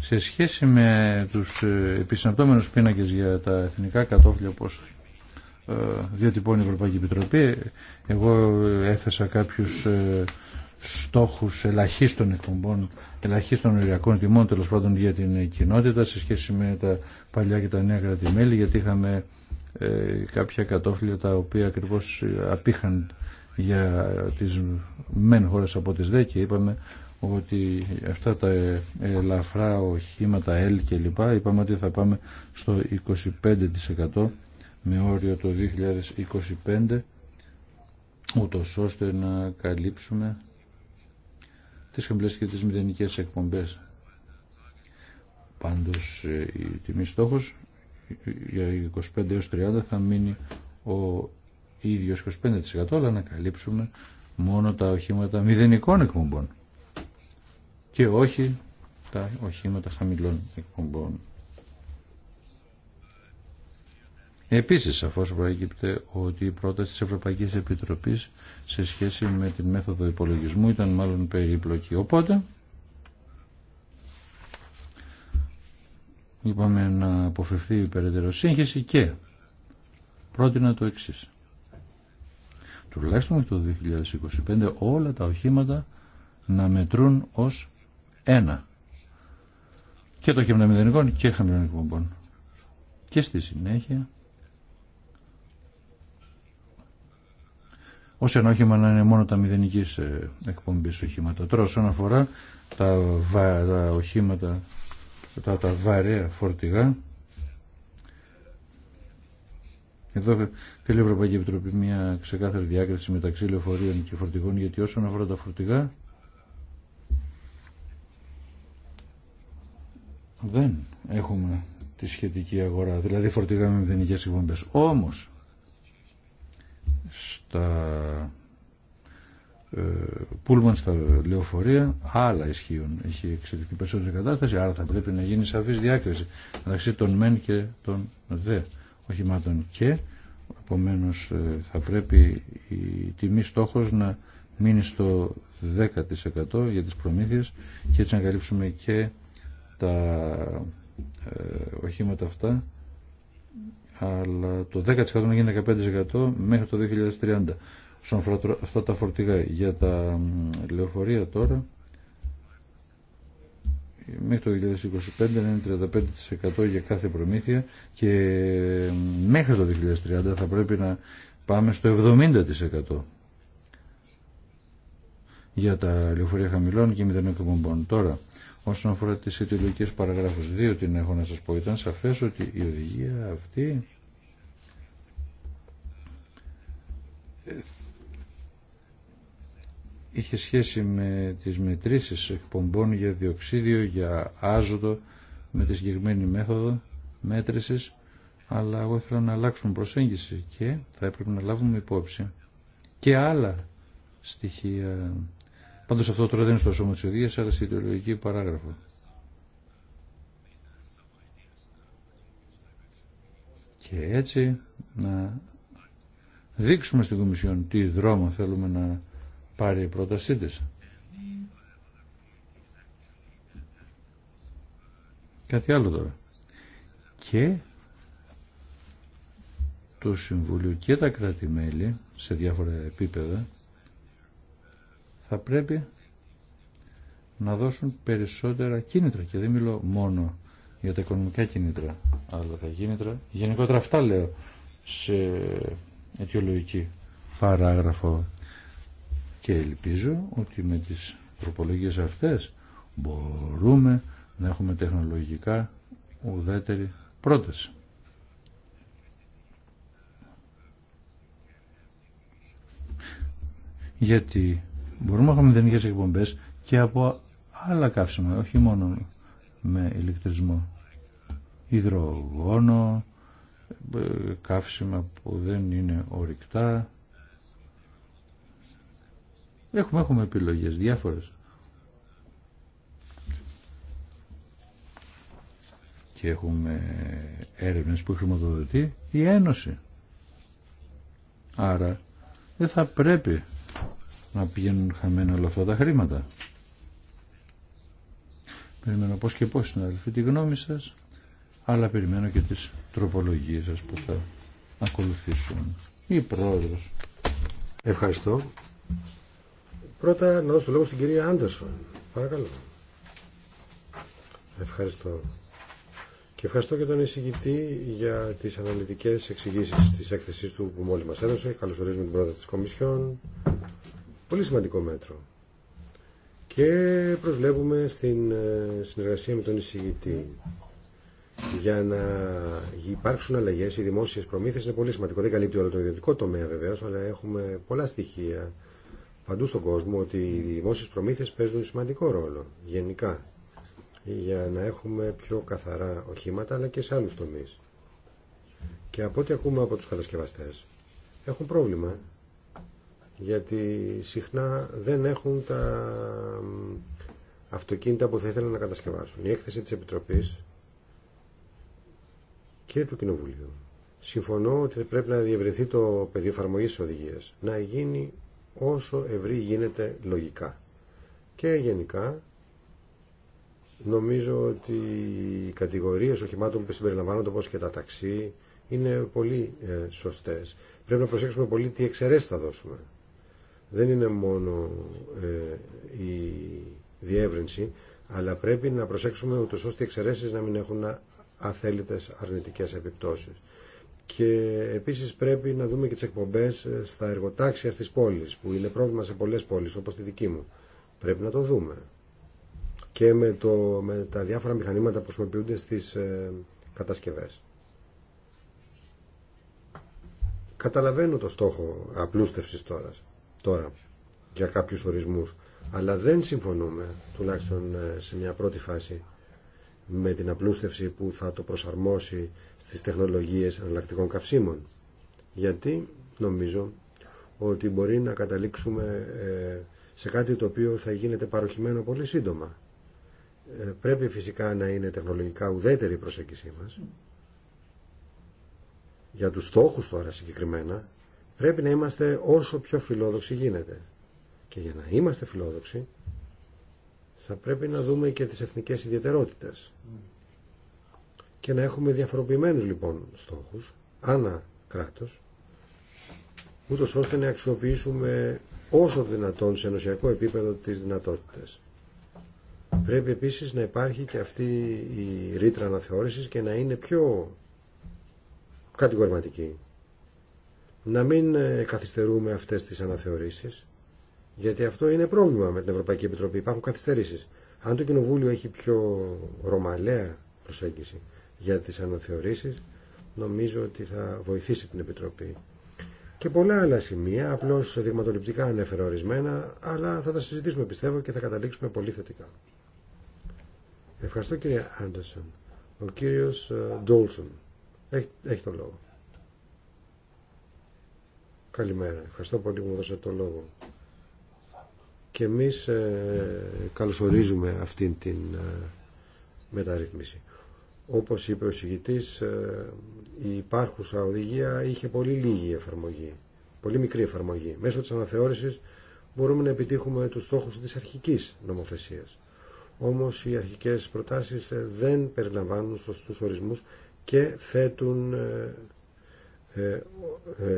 Σε σχέση με τους ε, επισυναπτώμενους πίνακες για τα εθνικά κατόφλια όπως ε, διατυπώνει η Ευρωπαϊκή Επιτροπή, εγώ έθεσα κάποιους ε, στόχους ελαχίστων εκπομπών, ελαχίστων οριακών τιμών τέλο πάντων για την κοινότητα σε σχέση με τα παλιά και τα νέα κρατημέλη γιατί είχαμε ε, κάποια κατόφλια τα οποία ακριβώ απήχαν για τις μεν χώρες από τις δε είπαμε ότι αυτά τα ελαφρά οχήματα L και λοιπά είπαμε ότι θα πάμε στο 25% με όριο το 2025 ούτω ώστε να καλύψουμε τις χαμηλές και τις μηδενικές εκπομπές. Πάντως η τιμή στόχος για 25 έως 30 θα μείνει ο ίδιο 25% αλλά να καλύψουμε μόνο τα οχήματα μηδενικών εκπομπών και όχι τα οχήματα χαμηλών εκπομπών. Επίσης, σαφώς προέκυπτε ότι η πρόταση της Ευρωπαϊκής Επιτροπής σε σχέση με την μέθοδο υπολογισμού ήταν μάλλον περίπλοκη. Οπότε, είπαμε να αποφευθεί η περαιτέρω σύγχυση και πρότεινα το εξής τουλάχιστον το 2025 όλα τα οχήματα να μετρούν ως ένα. Και το χειμώνα μηδενικών και χαμηλών εκπομπών. Και στη συνέχεια ως ένα όχημα να είναι μόνο τα μηδενική ε, εκπομπής οχήματα. Τώρα όσον αφορά τα, βα, τα οχήματα, τα, τα βαρέα φορτηγά εδώ θέλει η Ευρωπαϊκή Επιτροπή μια ξεκάθαρη διάκριση μεταξύ λεωφορείων και φορτηγών γιατί όσον αφορά τα φορτηγά δεν έχουμε τη σχετική αγορά, δηλαδή φορτηγά με μηδενικές συμβόντες. Όμως, στα ε, στα λεωφορεία, άλλα ισχύουν. Έχει εξελιχθεί περισσότερη κατάσταση, άρα θα πρέπει να γίνει σαφής διάκριση μεταξύ των μεν και των δε οχημάτων και επομένω ε, θα πρέπει η τιμή στόχος να μείνει στο 10% για τις προμήθειες και έτσι να καλύψουμε και τα ε, οχήματα αυτά αλλά το 10% να γίνει 15% μέχρι το 2030. Στον αυτά τα φορτηγά για τα λεωφορεία τώρα μέχρι το 2025 να είναι 35% για κάθε προμήθεια και μέχρι το 2030 θα πρέπει να πάμε στο 70% για τα λεωφορεία χαμηλών και μηδενών εκπομπών. Τώρα, όσον αφορά τις αιτιολογικές παραγράφους 2, την έχω να σας πω, ήταν σαφές ότι η οδηγία αυτή είχε σχέση με τις μετρήσεις εκπομπών για διοξίδιο, για άζωτο, με τη συγκεκριμένη μέθοδο μέτρησης, αλλά εγώ ήθελα να αλλάξουμε προσέγγιση και θα έπρεπε να λάβουμε υπόψη και άλλα στοιχεία. Πάντως αυτό τώρα δεν είναι στο σώμα της οδηγίας, αλλά στην ιδεολογική παράγραφο. Και έτσι να δείξουμε στην Κομισιόν τι δρόμο θέλουμε να πάρει πρότασή της. Κάτι άλλο τώρα. Και το Συμβούλιο και τα κράτη-μέλη σε διάφορα επίπεδα θα πρέπει να δώσουν περισσότερα κίνητρα και δεν μιλώ μόνο για τα οικονομικά κίνητρα αλλά τα κίνητρα γενικότερα αυτά λέω σε αιτιολογική παράγραφο και ελπίζω ότι με τις προπολογίες αυτές μπορούμε να έχουμε τεχνολογικά ουδέτερη πρόταση. Γιατί μπορούμε να έχουμε μηδενικές εκπομπές και από άλλα καύσιμα, όχι μόνο με ηλεκτρισμό. Υδρογόνο, ε, καύσιμα που δεν είναι ορυκτά, Έχουμε, έχουμε επιλογές διάφορες. Και έχουμε έρευνες που χρηματοδοτεί η Ένωση. Άρα δεν θα πρέπει να πηγαίνουν χαμένα όλα αυτά τα χρήματα. Περιμένω πώς και πώς συναδελφοί τη γνώμη σας, αλλά περιμένω και τις τροπολογίες σας που θα ακολουθήσουν. Η Πρόεδρος. Ευχαριστώ. Πρώτα να δώσω το λόγο στην κυρία Άντερσον. Παρακαλώ. Ευχαριστώ. Και ευχαριστώ και τον εισηγητή για τις αναλυτικές εξηγήσει τη έκθεση του που μόλι μα έδωσε. Καλωσορίζουμε την πρόταση της Κομισιόν. Πολύ σημαντικό μέτρο. Και προσβλέπουμε στην ε, συνεργασία με τον εισηγητή για να υπάρξουν αλλαγέ. Οι δημόσιε προμήθειε είναι πολύ σημαντικό. Δεν καλύπτει όλο τον ιδιωτικό τομέα βεβαίω, αλλά έχουμε πολλά στοιχεία παντού στον κόσμο ότι οι δημόσιες προμήθειες παίζουν σημαντικό ρόλο γενικά για να έχουμε πιο καθαρά οχήματα αλλά και σε άλλους τομείς. Και από ό,τι ακούμε από τους κατασκευαστές έχουν πρόβλημα γιατί συχνά δεν έχουν τα αυτοκίνητα που θα ήθελαν να κατασκευάσουν. Η έκθεση της Επιτροπής και του Κοινοβουλίου. Συμφωνώ ότι πρέπει να διευρυνθεί το πεδίο εφαρμογή οδηγία. Να γίνει όσο ευρύ γίνεται λογικά. Και γενικά νομίζω ότι οι κατηγορίες οχημάτων που συμπεριλαμβάνονται όπως και τα ταξί είναι πολύ ε, σωστές. Πρέπει να προσέξουμε πολύ τι εξαιρέσεις θα δώσουμε. Δεν είναι μόνο ε, η διεύρυνση, αλλά πρέπει να προσέξουμε ούτως ώστε οι εξαιρέσεις να μην έχουν αθέλητες αρνητικές επιπτώσεις. Και επίσης πρέπει να δούμε και τις εκπομπές ε, στα εργοτάξια στις πόλεις, που είναι πρόβλημα σε πολλές πόλεις, όπως τη δική μου. Πρέπει να το δούμε. Και με, το, με τα διάφορα μηχανήματα που χρησιμοποιούνται στις ε, κατασκευές. Καταλαβαίνω το στόχο απλούστευσης τώρα, τώρα για κάποιους ορισμούς, αλλά δεν συμφωνούμε, τουλάχιστον ε, σε μια πρώτη φάση, με την απλούστευση που θα το προσαρμόσει στις τεχνολογίες εναλλακτικών καυσίμων. Γιατί νομίζω ότι μπορεί να καταλήξουμε ε, σε κάτι το οποίο θα γίνεται παροχημένο πολύ σύντομα. Ε, πρέπει φυσικά να είναι τεχνολογικά ουδέτερη η προσέγγιση μας. Για τους στόχους τώρα συγκεκριμένα πρέπει να είμαστε όσο πιο φιλόδοξοι γίνεται. Και για να είμαστε φιλόδοξοι θα πρέπει να δούμε και τις εθνικές ιδιαιτερότητες. Mm και να έχουμε διαφοροποιημένους λοιπόν στόχους, ανά κράτος, ούτως ώστε να αξιοποιήσουμε όσο δυνατόν σε ενωσιακό επίπεδο τις δυνατότητες. Πρέπει επίσης να υπάρχει και αυτή η ρήτρα αναθεώρησης και να είναι πιο κατηγορηματική. Να μην ε, καθυστερούμε αυτές τις αναθεωρήσεις, γιατί αυτό είναι πρόβλημα με την Ευρωπαϊκή Επιτροπή. Υπάρχουν καθυστερήσεις. Αν το Κοινοβούλιο έχει πιο ρωμαλαία προσέγγιση, για τις αναθεωρήσεις νομίζω ότι θα βοηθήσει την Επιτροπή. Και πολλά άλλα σημεία, απλώς δειγματοληπτικά ανέφερα ορισμένα, αλλά θα τα συζητήσουμε πιστεύω και θα καταλήξουμε πολύ θετικά. Ευχαριστώ κύριε Άντερσον. Ο κύριος ε, Ντόλσον. Έχει, έχει το λόγο. Καλημέρα. Ευχαριστώ πολύ που μου δώσατε το λόγο. Και εμείς ε, καλωσορίζουμε αυτήν την ε, μεταρρύθμιση. Όπως είπε ο συγητής, ε, η υπάρχουσα οδηγία είχε πολύ λίγη εφαρμογή, πολύ μικρή εφαρμογή. Μέσω της αναθεώρησης μπορούμε να επιτύχουμε τους στόχους της αρχικής νομοθεσίας. Όμως οι αρχικές προτάσεις ε, δεν περιλαμβάνουν σωστούς ορισμούς και θέτουν ε,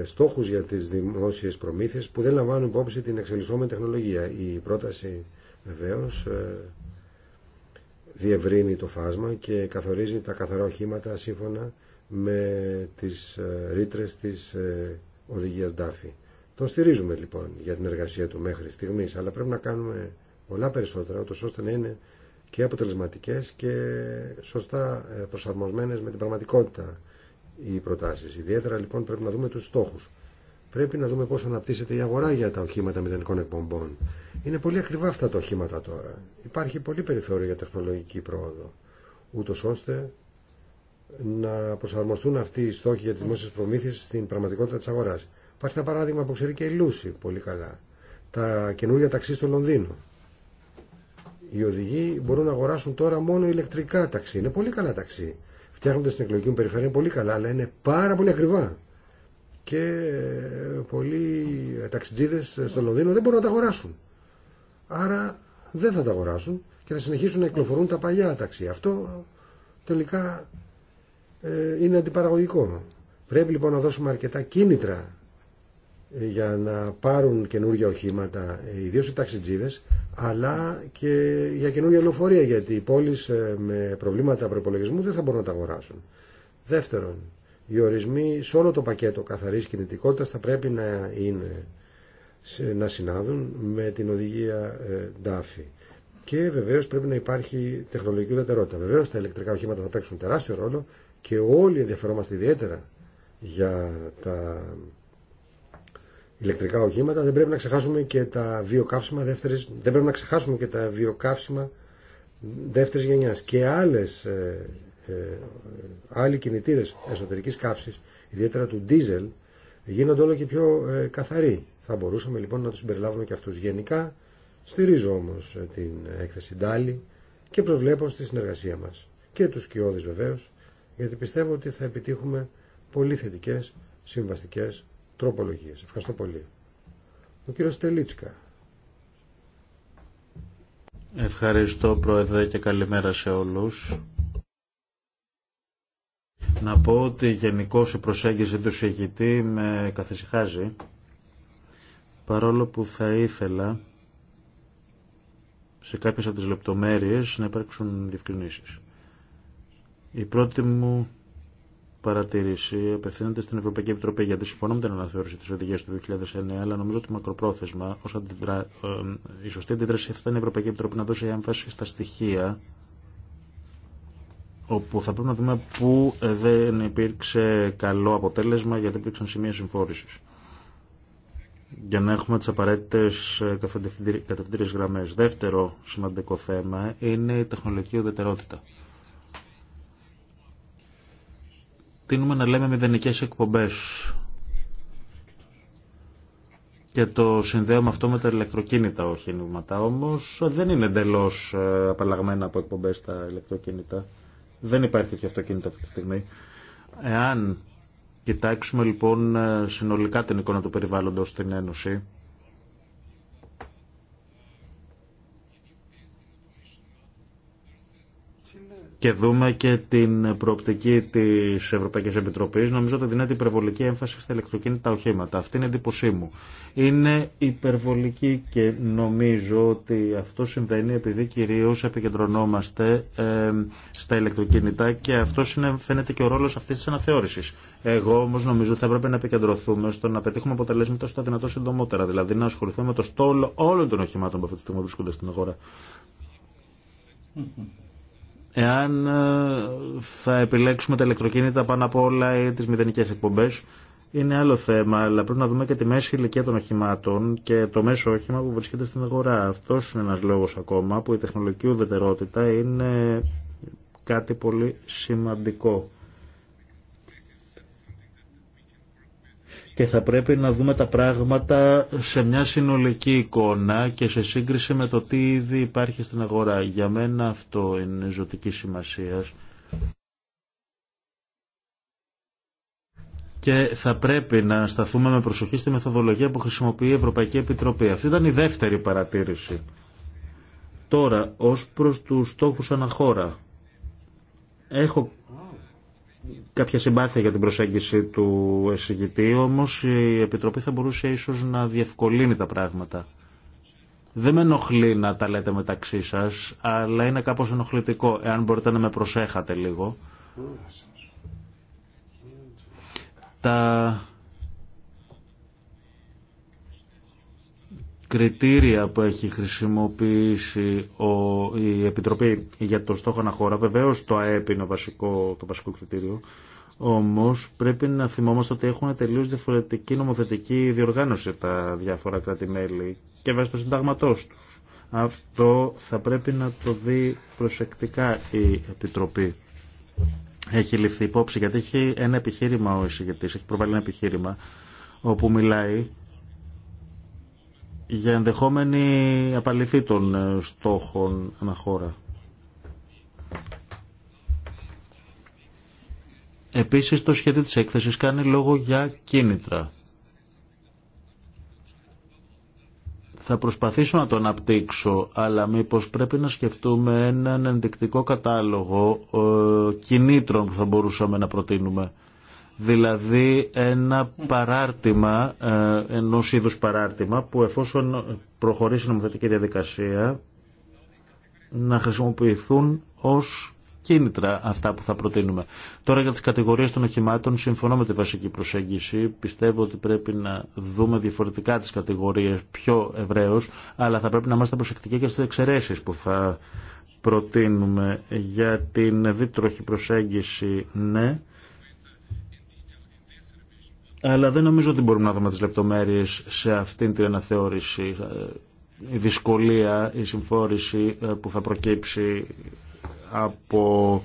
στόχους για τις δημόσιες προμήθειες που δεν λαμβάνουν υπόψη την εξελισσόμενη τεχνολογία. Η πρόταση βεβαίως διευρύνει το φάσμα και καθορίζει τα καθαρά οχήματα σύμφωνα με τις ε, ρήτρες της ε, οδηγίας Ντάφη. Τον στηρίζουμε λοιπόν για την εργασία του μέχρι στιγμής, αλλά πρέπει να κάνουμε πολλά περισσότερα, ώστε να είναι και αποτελεσματικές και σωστά ε, προσαρμοσμένες με την πραγματικότητα οι προτάσεις. Ιδιαίτερα λοιπόν πρέπει να δούμε τους στόχους. Πρέπει να δούμε πώς αναπτύσσεται η αγορά για τα οχήματα μηδενικών εκπομπών. Είναι πολύ ακριβά αυτά τα οχήματα τώρα. Υπάρχει πολύ περιθώριο για τεχνολογική πρόοδο, ούτω ώστε να προσαρμοστούν αυτοί οι στόχοι για τις δημόσιες προμήθειες στην πραγματικότητα της αγοράς. Υπάρχει ένα παράδειγμα που ξέρει και η Λούση πολύ καλά. Τα καινούργια ταξί στο Λονδίνο. Οι οδηγοί μπορούν να αγοράσουν τώρα μόνο ηλεκτρικά ταξί. Είναι πολύ καλά ταξί. Φτιάχνονται στην εκλογική μου περιφέρεια, πολύ καλά, αλλά είναι πάρα πολύ ακριβά και πολλοί ταξιτζίδες στο Λονδίνο δεν μπορούν να τα αγοράσουν. Άρα δεν θα τα αγοράσουν και θα συνεχίσουν να εκλοφορούν τα παλιά ταξί. Αυτό τελικά ε, είναι αντιπαραγωγικό. Πρέπει λοιπόν να δώσουμε αρκετά κίνητρα ε, για να πάρουν καινούργια οχήματα, ε, ιδίω οι ταξιτζίδε, αλλά και για καινούργια λεωφορεία, γιατί οι πόλει με προβλήματα προπολογισμού δεν θα μπορούν να τα αγοράσουν. Δεύτερον, οι ορισμοί σε όλο το πακέτο καθαρής κινητικότητας θα πρέπει να, είναι, να συνάδουν με την οδηγία DAFI. Ε, και βεβαίω πρέπει να υπάρχει τεχνολογική ουδετερότητα. Βεβαίω τα ηλεκτρικά οχήματα θα παίξουν τεράστιο ρόλο και όλοι ενδιαφερόμαστε ιδιαίτερα για τα ηλεκτρικά οχήματα. Δεν πρέπει να ξεχάσουμε και τα βιοκαύσιμα δεύτερη δεν πρέπει να ξεχάσουμε και τα βιοκαύσιμα γενιάς και άλλες ε, ε, άλλοι κινητήρες εσωτερικής καύσης, ιδιαίτερα του ντίζελ, γίνονται όλο και πιο ε, καθαροί. Θα μπορούσαμε λοιπόν να τους συμπεριλάβουμε και αυτού γενικά. Στηρίζω όμως ε, την έκθεση Ντάλι και προβλέπω στη συνεργασία μας και τους κοιόδης βεβαίω, γιατί πιστεύω ότι θα επιτύχουμε πολύ θετικέ συμβαστικές τροπολογίε. Ευχαριστώ πολύ. Ο κύριο Τελίτσκα. Ευχαριστώ Πρόεδρε και καλημέρα σε όλους. Να πω ότι γενικώ η προσέγγιση του συγητή με καθησυχάζει, παρόλο που θα ήθελα σε κάποιες από τις λεπτομέρειες να υπάρξουν διευκρινήσεις. Η πρώτη μου παρατήρηση απευθύνεται στην Ευρωπαϊκή Επιτροπή γιατί συμφωνώ με την αναθεώρηση τη οδηγία του 2009, αλλά νομίζω ότι μακροπρόθεσμα ως αντιδρα... Ε, ε, η σωστή αντίδραση θα ήταν η Ευρωπαϊκή Επιτροπή να δώσει έμφαση στα στοιχεία όπου θα πρέπει να δούμε πού ε, δεν υπήρξε καλό αποτέλεσμα γιατί υπήρξαν σημεία συμφόρησης για να έχουμε τις απαραίτητες ε, κατευθυντήριες γραμμές. Δεύτερο σημαντικό θέμα είναι η τεχνολογική οδετερότητα. Τίνουμε να λέμε μηδενικές εκπομπές και το συνδέουμε αυτό με τα ηλεκτροκίνητα οχήματα. Όμως δεν είναι εντελώ ε, απαλλαγμένα από εκπομπές τα ηλεκτροκίνητα. Δεν υπάρχει τέτοιο αυτοκίνητο αυτή τη στιγμή. Εάν κοιτάξουμε λοιπόν συνολικά την εικόνα του περιβάλλοντος στην Ένωση, και δούμε και την προοπτική τη Ευρωπαϊκή Επιτροπή, νομίζω ότι δίνεται υπερβολική έμφαση στα ηλεκτροκίνητα οχήματα. Αυτή είναι η εντύπωσή μου. Είναι υπερβολική και νομίζω ότι αυτό συμβαίνει επειδή κυρίω επικεντρωνόμαστε στα ηλεκτροκίνητα και αυτό φαίνεται και ο ρόλο αυτή τη αναθεώρηση. Εγώ όμω νομίζω ότι θα έπρεπε να επικεντρωθούμε στο να πετύχουμε αποτελέσματα στα δυνατό συντομότερα. Δηλαδή να ασχοληθούμε με το στόλο όλων των οχημάτων που αυτή τη στιγμή βρίσκονται στην εάν ε, θα επιλέξουμε τα ηλεκτροκίνητα πάνω από όλα ή τις μηδενικές εκπομπές είναι άλλο θέμα, αλλά πρέπει να δούμε και τη μέση ηλικία των οχημάτων και το μέσο όχημα που βρίσκεται στην αγορά. Αυτό είναι ένας λόγος ακόμα που η τεχνολογική ουδετερότητα είναι κάτι πολύ σημαντικό. και θα πρέπει να δούμε τα πράγματα σε μια συνολική εικόνα και σε σύγκριση με το τι ήδη υπάρχει στην αγορά. Για μένα αυτό είναι ζωτική σημασία. Και θα πρέπει να σταθούμε με προσοχή στη μεθοδολογία που χρησιμοποιεί η Ευρωπαϊκή Επιτροπή. Αυτή ήταν η δεύτερη παρατήρηση. Τώρα, ως προς τους στόχους αναχώρα, έχω κάποια συμπάθεια για την προσέγγιση του εισηγητή, όμως η Επιτροπή θα μπορούσε ίσως να διευκολύνει τα πράγματα. Δεν με ενοχλεί να τα λέτε μεταξύ σα, αλλά είναι κάπως ενοχλητικό, εάν μπορείτε να με προσέχατε λίγο. Τα κριτήρια που έχει χρησιμοποιήσει ο, η Επιτροπή για το στόχο αναχώρα. βεβαίω το ΑΕΠ είναι βασικό, το βασικό κριτήριο. Όμως πρέπει να θυμόμαστε ότι έχουν τελείω διαφορετική νομοθετική διοργάνωση τα διάφορα κράτη-μέλη και βάσει του συνταγματός του. Αυτό θα πρέπει να το δει προσεκτικά η Επιτροπή. Έχει ληφθεί υπόψη γιατί έχει ένα επιχείρημα ο εισηγητή, έχει προβάλλει ένα επιχείρημα όπου μιλάει για ενδεχόμενη απαλληφή των ε, στόχων αναχώρα. Επίσης το σχέδιο της έκθεσης κάνει λόγο για κίνητρα. Θα προσπαθήσω να το αναπτύξω, αλλά μήπως πρέπει να σκεφτούμε έναν ενδεικτικό κατάλογο ε, κινήτρων που θα μπορούσαμε να προτείνουμε δηλαδή ένα παράρτημα, ε, ενό είδου παράρτημα που εφόσον προχωρήσει η νομοθετική διαδικασία να χρησιμοποιηθούν ως κίνητρα αυτά που θα προτείνουμε. Τώρα για τις κατηγορίες των οχημάτων συμφωνώ με τη βασική προσέγγιση. Πιστεύω ότι πρέπει να δούμε διαφορετικά τις κατηγορίες πιο ευρέως, αλλά θα πρέπει να είμαστε προσεκτικοί και στις εξαιρέσεις που θα προτείνουμε για την δίτροχη προσέγγιση ναι, αλλά δεν νομίζω ότι μπορούμε να δούμε τις λεπτομέρειες σε αυτήν την αναθεώρηση. Η δυσκολία, η συμφόρηση ε, που θα προκύψει από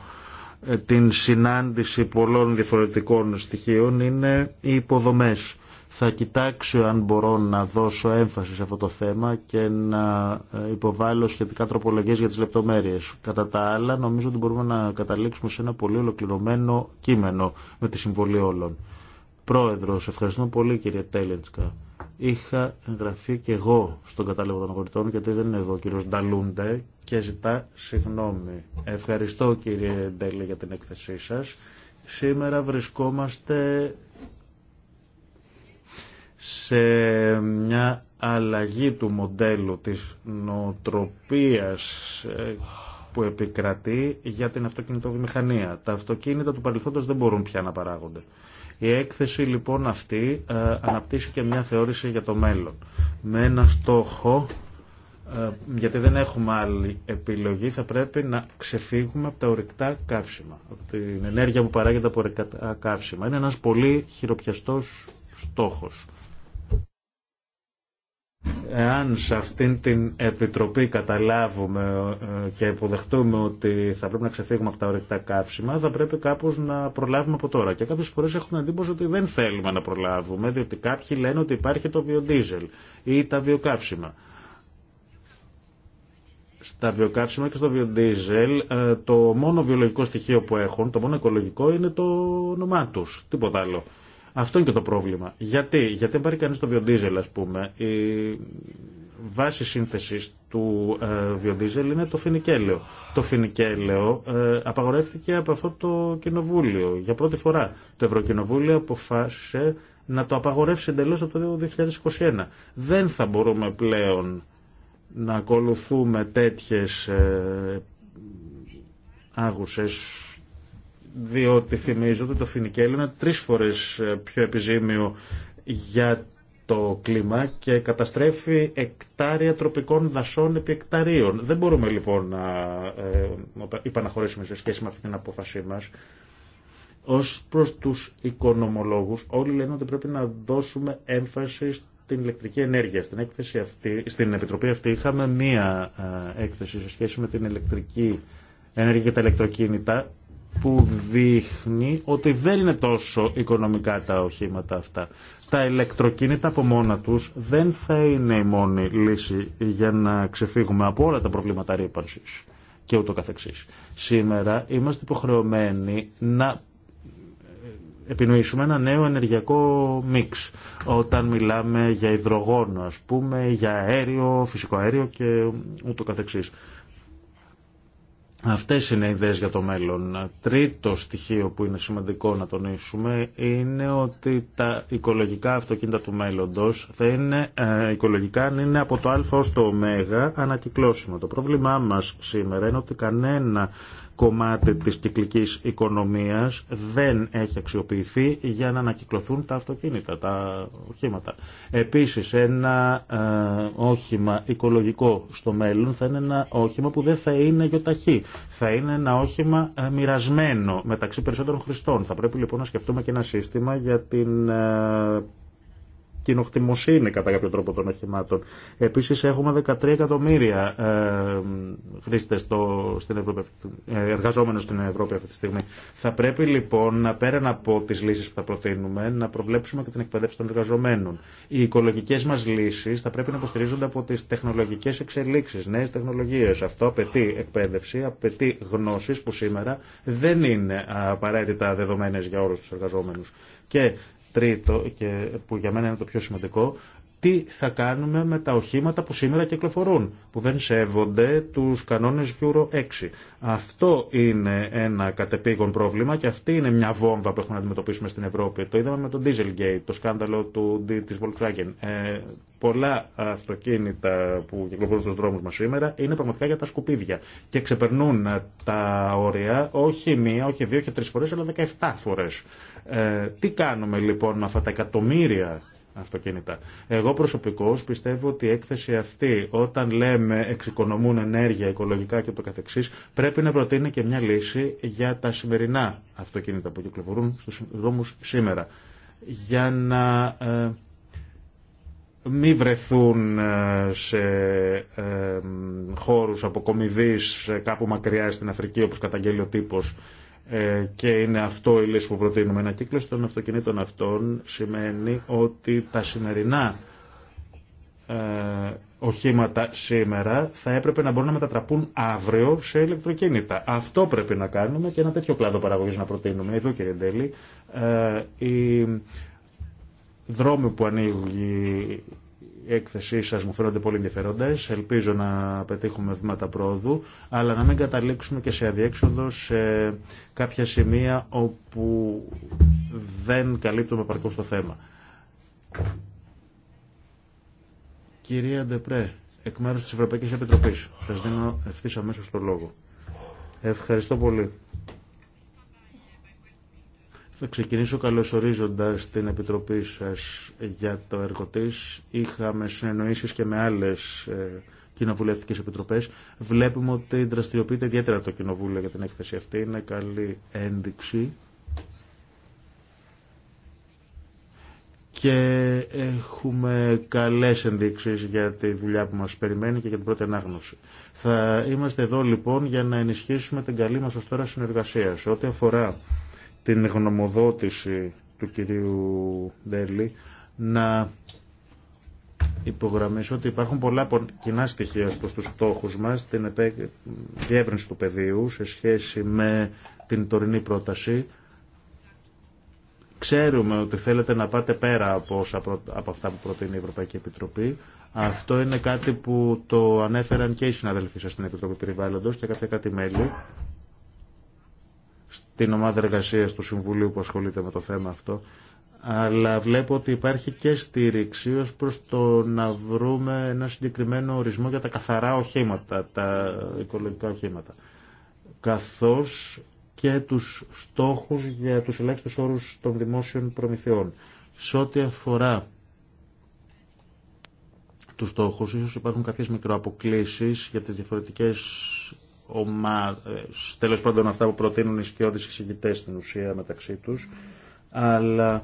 ε, την συνάντηση πολλών διαφορετικών στοιχείων είναι οι υποδομές. Θα κοιτάξω αν μπορώ να δώσω έμφαση σε αυτό το θέμα και να ε, υποβάλω σχετικά τροπολογίες για τις λεπτομέρειες. Κατά τα άλλα, νομίζω ότι μπορούμε να καταλήξουμε σε ένα πολύ ολοκληρωμένο κείμενο με τη συμβολή όλων. Πρόεδρος, ευχαριστώ πολύ κύριε Τέλετσκα. Είχα εγγραφεί και εγώ στον κατάλογο των αγορητών γιατί δεν είναι εδώ ο κύριο Νταλούντε και ζητά συγγνώμη. Ευχαριστώ κύριε Ντέλε για την έκθεσή σα. Σήμερα βρισκόμαστε σε μια αλλαγή του μοντέλου της νοοτροπίας ε, που επικρατεί για την αυτοκινητοβιομηχανία. Τα αυτοκίνητα του παρελθόντος δεν μπορούν πια να παράγονται. Η έκθεση λοιπόν αυτή ε, αναπτύσσει και μια θεώρηση για το μέλλον. Με ένα στόχο, ε, γιατί δεν έχουμε άλλη επιλογή, θα πρέπει να ξεφύγουμε από τα ορυκτά καύσιμα, από την ενέργεια που παράγεται από ορυκτά καύσιμα. Είναι ένας πολύ χειροπιαστός στόχος. Εάν σε αυτήν την επιτροπή καταλάβουμε ε, και υποδεχτούμε ότι θα πρέπει να ξεφύγουμε από τα ορεικτά καύσιμα, θα πρέπει κάπως να προλάβουμε από τώρα. Και κάποιες φορές έχουν εντύπωση ότι δεν θέλουμε να προλάβουμε, διότι κάποιοι λένε ότι υπάρχει το βιοντίζελ ή τα βιοκαύσιμα. Στα βιοκαύσιμα και στο βιοντίζελ το μόνο βιολογικό στοιχείο που έχουν, το μόνο οικολογικό είναι το όνομά του. τίποτα άλλο. Αυτό είναι και το πρόβλημα. Γιατί, Γιατί πάρει κανεί το βιοντίζελ, α πούμε, η βάση σύνθεση του ε, βιοντίζελ είναι το φινικέλαιο. Το φινικέλαιο ε, απαγορεύτηκε από αυτό το κοινοβούλιο για πρώτη φορά. Το Ευρωκοινοβούλιο αποφάσισε να το απαγορεύσει εντελώ από το 2021. Δεν θα μπορούμε πλέον να ακολουθούμε τέτοιες ε, άγουσες διότι θυμίζω ότι το Φινικέλ είναι τρεις φορές ε, πιο επιζήμιο για το κλίμα και καταστρέφει εκτάρια τροπικών δασών επί εκταρίων. Δεν μπορούμε λοιπόν να ε, υπαναχωρήσουμε σε σχέση με αυτή την απόφασή μας. Ως προς τους οικονομολόγους όλοι λένε ότι πρέπει να δώσουμε έμφαση στην ηλεκτρική ενέργεια. Στην, έκθεση αυτή, στην Επιτροπή αυτή είχαμε μία ε, έκθεση σε σχέση με την ηλεκτρική ενέργεια και τα ηλεκτροκίνητα που δείχνει ότι δεν είναι τόσο οικονομικά τα οχήματα αυτά. Τα ηλεκτροκίνητα από μόνα τους δεν θα είναι η μόνη λύση για να ξεφύγουμε από όλα τα προβλήματα ρήπανσης και ούτω καθεξής. Σήμερα είμαστε υποχρεωμένοι να επινοήσουμε ένα νέο ενεργειακό μίξ. Όταν μιλάμε για υδρογόνο, ας πούμε, για αέριο, φυσικό αέριο και ούτω καθεξής. Αυτές είναι οι ιδέες για το μέλλον. Τρίτο στοιχείο που είναι σημαντικό να τονίσουμε είναι ότι τα οικολογικά αυτοκίνητα του μέλλοντος θα είναι ε, οικολογικά αν είναι από το α ως το ω ανακυκλώσιμο. Το πρόβλημά μας σήμερα είναι ότι κανένα κομμάτι της κυκλικής οικονομίας δεν έχει αξιοποιηθεί για να ανακυκλωθούν τα αυτοκίνητα, τα οχήματα. Επίσης ένα ε, όχημα οικολογικό στο μέλλον θα είναι ένα όχημα που δεν θα είναι γιοταχή. Θα είναι ένα όχημα ε, μοιρασμένο μεταξύ περισσότερων χρηστών. Θα πρέπει λοιπόν να σκεφτούμε και ένα σύστημα για την ε, κοινοχτημοσύνη κατά κάποιο τρόπο των οχημάτων. Επίση έχουμε 13 εκατομμύρια ε, χρήστες στην Ευρώπη, ε, στην Ευρώπη αυτή τη στιγμή. Θα πρέπει λοιπόν να πέραν από τι λύσει που θα προτείνουμε να προβλέψουμε και την εκπαίδευση των εργαζομένων. Οι οικολογικέ μα λύσει θα πρέπει να υποστηρίζονται από τι τεχνολογικέ εξελίξει, νέε τεχνολογίε. Αυτό απαιτεί εκπαίδευση, απαιτεί γνώσει που σήμερα δεν είναι απαραίτητα δεδομένε για όλου του εργαζόμενου. Και Τρίτο, και που για μένα είναι το πιο σημαντικό, τι θα κάνουμε με τα οχήματα που σήμερα κυκλοφορούν, που δεν σέβονται τους κανόνες Euro 6. Αυτό είναι ένα κατεπήγον πρόβλημα και αυτή είναι μια βόμβα που έχουμε να αντιμετωπίσουμε στην Ευρώπη. Το είδαμε με τον Dieselgate, το σκάνδαλο του, της Volkswagen. Ε, πολλά αυτοκίνητα που κυκλοφορούν στους δρόμους μας σήμερα είναι πραγματικά για τα σκουπίδια και ξεπερνούν τα όρια όχι μία, όχι δύο, όχι τρεις φορές, αλλά 17 φορές. Ε, τι κάνουμε λοιπόν με αυτά τα εκατομμύρια αυτοκίνητα. Εγώ προσωπικώς πιστεύω ότι η έκθεση αυτή όταν λέμε εξοικονομούν ενέργεια οικολογικά και το καθεξής πρέπει να προτείνει και μια λύση για τα σημερινά αυτοκίνητα που κυκλοφορούν στους δρόμους σήμερα. Για να ε, μη βρεθούν ε, σε ε, χώρους αποκομιδής ε, κάπου μακριά στην Αφρική όπως καταγγέλει ο τύπος ε, και είναι αυτό η λύση που προτείνουμε. Ένα κύκλο των αυτοκινήτων αυτών σημαίνει ότι τα σημερινά ε, οχήματα σήμερα θα έπρεπε να μπορούν να μετατραπούν αύριο σε ηλεκτροκίνητα. Αυτό πρέπει να κάνουμε και ένα τέτοιο κλάδο παραγωγής να προτείνουμε. Εδώ κύριε Ντέλη, ε, οι δρόμοι που ανοίγουν η έκθεσή σας μου φαίνονται πολύ ενδιαφέροντες. Ελπίζω να πετύχουμε βήματα πρόοδου, αλλά να μην καταλήξουμε και σε αδιέξοδο σε κάποια σημεία όπου δεν καλύπτουμε παρκώς το θέμα. Κυρία Ντεπρέ, εκ μέρους της Ευρωπαϊκής Επιτροπής, σας δίνω ευθύ αμέσως το λόγο. Ευχαριστώ πολύ. Θα ξεκινήσω καλωσορίζοντα την Επιτροπή σας για το έργο Είχαμε συνεννοήσεις και με άλλες ε, κοινοβουλευτικές επιτροπές. Βλέπουμε ότι δραστηριοποιείται ιδιαίτερα το κοινοβούλιο για την έκθεση αυτή. Είναι καλή ένδειξη. Και έχουμε καλές ενδείξεις για τη δουλειά που μας περιμένει και για την πρώτη ανάγνωση. Θα είμαστε εδώ λοιπόν για να ενισχύσουμε την καλή μας ως τώρα συνεργασία. Σε ό,τι αφορά την γνωμοδότηση του κυρίου Ντέλη να υπογραμμίσω ότι υπάρχουν πολλά κοινά στοιχεία προς τους στόχους μας, την διεύρυνση του πεδίου σε σχέση με την τωρινή πρόταση. Ξέρουμε ότι θέλετε να πάτε πέρα από, από αυτά που προτείνει η Ευρωπαϊκή Επιτροπή. Αυτό είναι κάτι που το ανέφεραν και οι συναδελφοί σας στην Επιτροπή Περιβάλλοντος και κάποια κάτι μέλη στην ομάδα εργασία του Συμβουλίου που ασχολείται με το θέμα αυτό αλλά βλέπω ότι υπάρχει και στήριξη ως προς το να βρούμε ένα συγκεκριμένο ορισμό για τα καθαρά οχήματα, τα οικολογικά οχήματα, καθώς και τους στόχους για τους ελάχιστους όρους των δημόσιων προμηθειών. Σε ό,τι αφορά τους στόχους, ίσως υπάρχουν κάποιες μικροαποκλήσεις για τις διαφορετικές ομάδες, τέλος πάντων αυτά που προτείνουν οι σκιώδεις εξηγητές στην ουσία μεταξύ τους, αλλά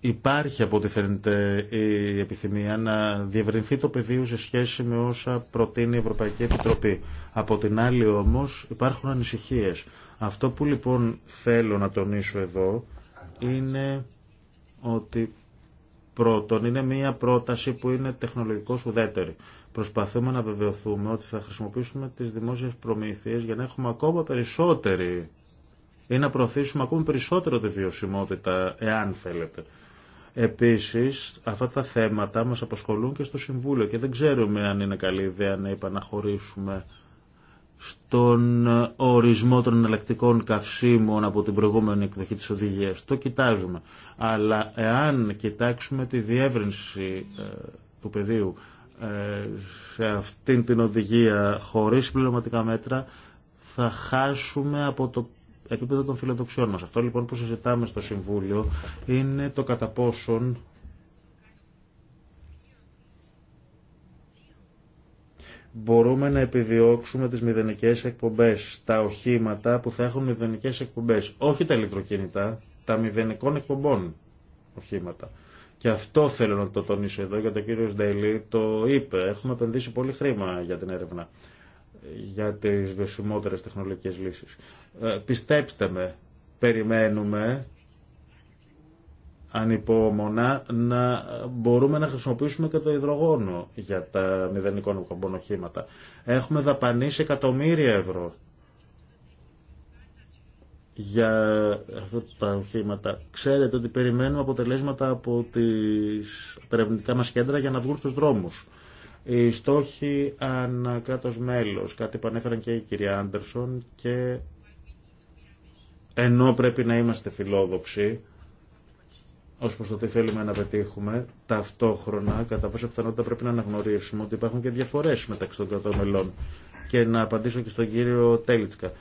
υπάρχει από ό,τι φαίνεται η επιθυμία να διευρυνθεί το πεδίο σε σχέση με όσα προτείνει η Ευρωπαϊκή Επιτροπή. Από την άλλη όμως υπάρχουν ανησυχίες. Αυτό που λοιπόν θέλω να τονίσω εδώ είναι ότι πρώτον είναι μια πρόταση που είναι τεχνολογικώς ουδέτερη. Προσπαθούμε να βεβαιωθούμε ότι θα χρησιμοποιήσουμε τις δημόσιες προμήθειες για να έχουμε ακόμα περισσότερη ή να προωθήσουμε ακόμα περισσότερο τη βιωσιμότητα, εάν θέλετε. Επίσης, αυτά τα θέματα μας απασχολούν και στο Συμβούλιο και δεν ξέρουμε αν είναι καλή ιδέα να επαναχωρήσουμε στον ορισμό των εναλλακτικών καυσίμων από την προηγούμενη εκδοχή της οδηγίας. Το κοιτάζουμε. Αλλά εάν κοιτάξουμε τη διεύρυνση ε, του πεδίου σε αυτήν την οδηγία χωρίς πληρωματικά μέτρα θα χάσουμε από το επίπεδο των φιλοδοξιών μας. Αυτό λοιπόν που συζητάμε στο Συμβούλιο είναι το κατά πόσον μπορούμε να επιδιώξουμε τις μηδενικές εκπομπές, τα οχήματα που θα έχουν μηδενικές εκπομπές, όχι τα ηλεκτροκίνητα, τα μηδενικών εκπομπών οχήματα. Και αυτό θέλω να το τονίσω εδώ, γιατί ο κύριος Ντέιλι το είπε. Έχουμε επενδύσει πολύ χρήμα για την έρευνα, για τις βιωσιμότερες τεχνολογικές λύσεις. Ε, πιστέψτε με, περιμένουμε ανυπόμονα να μπορούμε να χρησιμοποιήσουμε και το υδρογόνο για τα μηδενικών κομπονοχήματα. Έχουμε δαπανίσει εκατομμύρια ευρώ για αυτά τα οχήματα. Ξέρετε ότι περιμένουμε αποτελέσματα από τις ερευνητικά μας κέντρα για να βγουν στους δρόμους. Οι στόχοι ανά μέλος, κάτι που ανέφεραν και η κυρία Άντερσον και ενώ πρέπει να είμαστε φιλόδοξοι ως προς το τι θέλουμε να πετύχουμε, ταυτόχρονα κατά πάσα πιθανότητα πρέπει να αναγνωρίσουμε ότι υπάρχουν και διαφορές μεταξύ των κρατών μελών. Και να απαντήσω και στον κύριο Τέλιτσκα.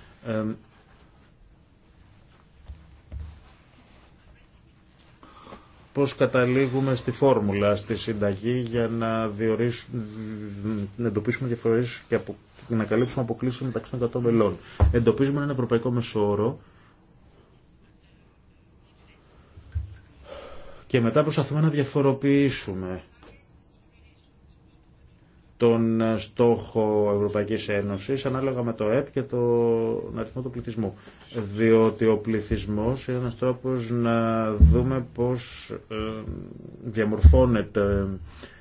πώς καταλήγουμε στη φόρμουλα, στη συνταγή για να, διορίσουμε, να εντοπίσουμε διαφορές και απο, να καλύψουμε αποκλήσεις μεταξύ των 100 μελών. Εντοπίζουμε ένα ευρωπαϊκό μεσόωρο και μετά προσπαθούμε να διαφοροποιήσουμε τον στόχο Ευρωπαϊκής Ένωσης ανάλογα με το ΕΠ και τον αριθμό του πληθυσμού. Διότι ο πληθυσμός είναι ένας τρόπος να δούμε πώς ε, διαμορφώνεται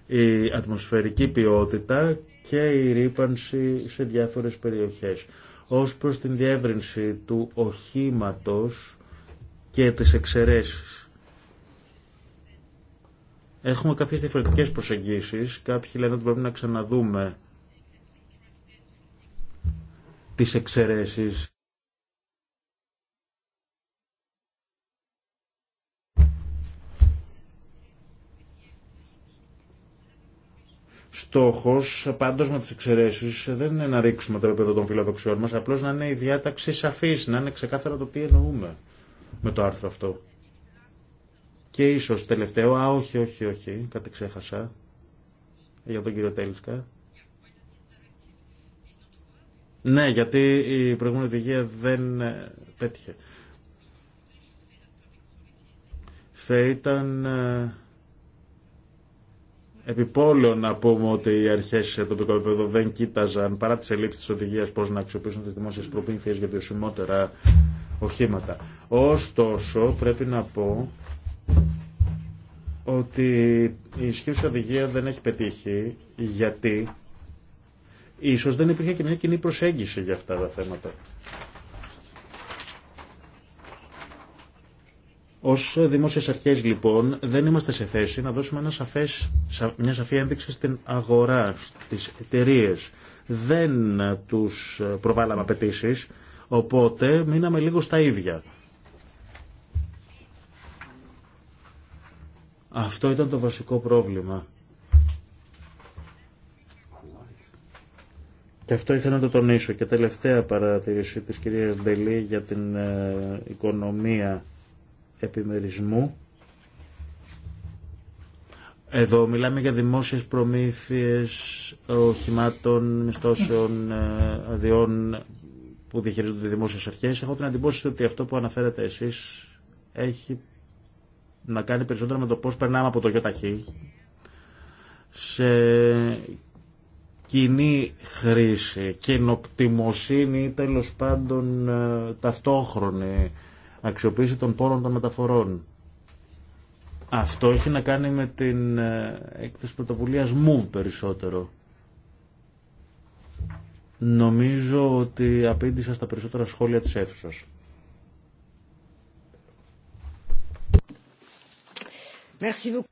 η ατμοσφαιρική ποιότητα και η ρήπανση σε διάφορες περιοχές. Ως προς την διεύρυνση του οχήματος και τις εξαιρέσεις Έχουμε κάποιες διαφορετικές προσεγγίσεις. Κάποιοι λένε ότι πρέπει να ξαναδούμε τις εξαιρέσεις. Στόχος, πάντως με τις εξαιρέσεις, δεν είναι να ρίξουμε το επίπεδο των φιλοδοξιών μας, απλώς να είναι η διάταξη σαφής, να είναι ξεκάθαρα το τι εννοούμε με το άρθρο αυτό. Και ίσως τελευταίο, α όχι, όχι, όχι, κάτι ξέχασα, για τον κύριο Τέλισκα. Ναι, γιατί η προηγούμενη οδηγία δεν ε, πέτυχε. Θα ήταν ε, επιπόλαιο να πούμε ότι οι αρχέ σε τοπικό επίπεδο δεν κοίταζαν παρά τι ελλείψει τη οδηγία πώ να αξιοποιήσουν τι δημόσιε προπήθειε για βιωσιμότερα οχήματα. Ωστόσο, πρέπει να πω ότι η ισχύουσα οδηγία δεν έχει πετύχει γιατί ίσως δεν υπήρχε και μια κοινή προσέγγιση για αυτά τα θέματα. Ως δημόσιες αρχές λοιπόν δεν είμαστε σε θέση να δώσουμε ένα σαφές, μια σαφή ένδειξη στην αγορά, στις εταιρείε. Δεν τους προβάλαμε απαιτήσει, οπότε μείναμε λίγο στα ίδια. Αυτό ήταν το βασικό πρόβλημα. Και αυτό ήθελα να το τονίσω. Και τελευταία παρατηρήση της κυρίας Μπελή για την ε, οικονομία επιμερισμού. Εδώ μιλάμε για δημόσιες προμήθειες οχημάτων, μισθώσεων, ε, αδειών που διαχειρίζονται δημόσιες αρχές. Έχω την αντιπόση ότι αυτό που αναφέρατε εσείς έχει να κάνει περισσότερο με το πώς περνάμε από το ΙΟΤΑΧΗ σε κοινή χρήση, κοινοκτημοσύνη ή τέλο πάντων ε, ταυτόχρονη αξιοποίηση των πόρων των μεταφορών. Αυτό έχει να κάνει με την ε, έκθεση πρωτοβουλία μου περισσότερο. Νομίζω ότι απήντησα στα περισσότερα σχόλια της αίθουσας.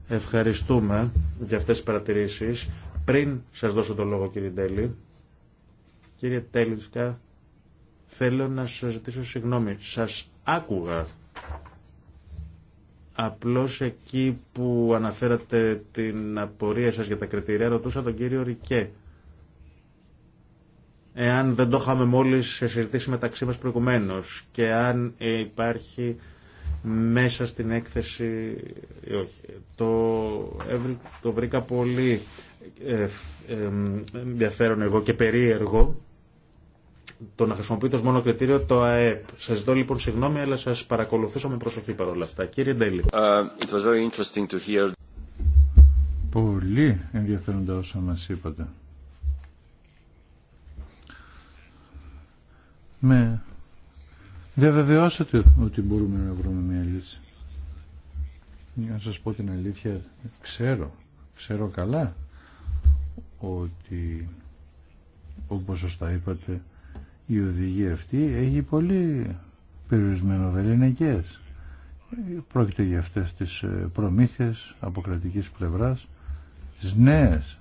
Ευχαριστούμε για αυτές τις παρατηρήσεις. Πριν σας δώσω το λόγο κύριε Τέλη, κύριε Τέλησκα, θέλω να σας ζητήσω συγγνώμη. Σας άκουγα απλώς εκεί που αναφέρατε την απορία σας για τα κριτήρια, ρωτούσα τον κύριο Ρικέ. Εάν δεν το είχαμε μόλις συζητήσει μεταξύ μας προηγουμένως και αν υπάρχει μέσα στην έκθεση ε, όχι. Το, το βρήκα πολύ ε, ε, ενδιαφέρον εγώ και περίεργο το να χρησιμοποιείται ως μόνο κριτήριο το ΑΕΠ. Σας ζητώ λοιπόν συγγνώμη, αλλά σας παρακολουθούσα με προσοχή παρόλα αυτά. Κύριε Ντέλη. Uh, hear. Πολύ ενδιαφέροντα όσα μας είπατε. Με Διαβεβαιώσατε ότι μπορούμε να βρούμε μια λύση. Για να σας πω την αλήθεια, ξέρω, ξέρω καλά ότι όπως σας τα είπατε η οδηγία αυτή έχει πολύ περιορισμένο βεληνικές. Πρόκειται για αυτές τις ε, προμήθειες από κρατικής πλευράς, τις νέες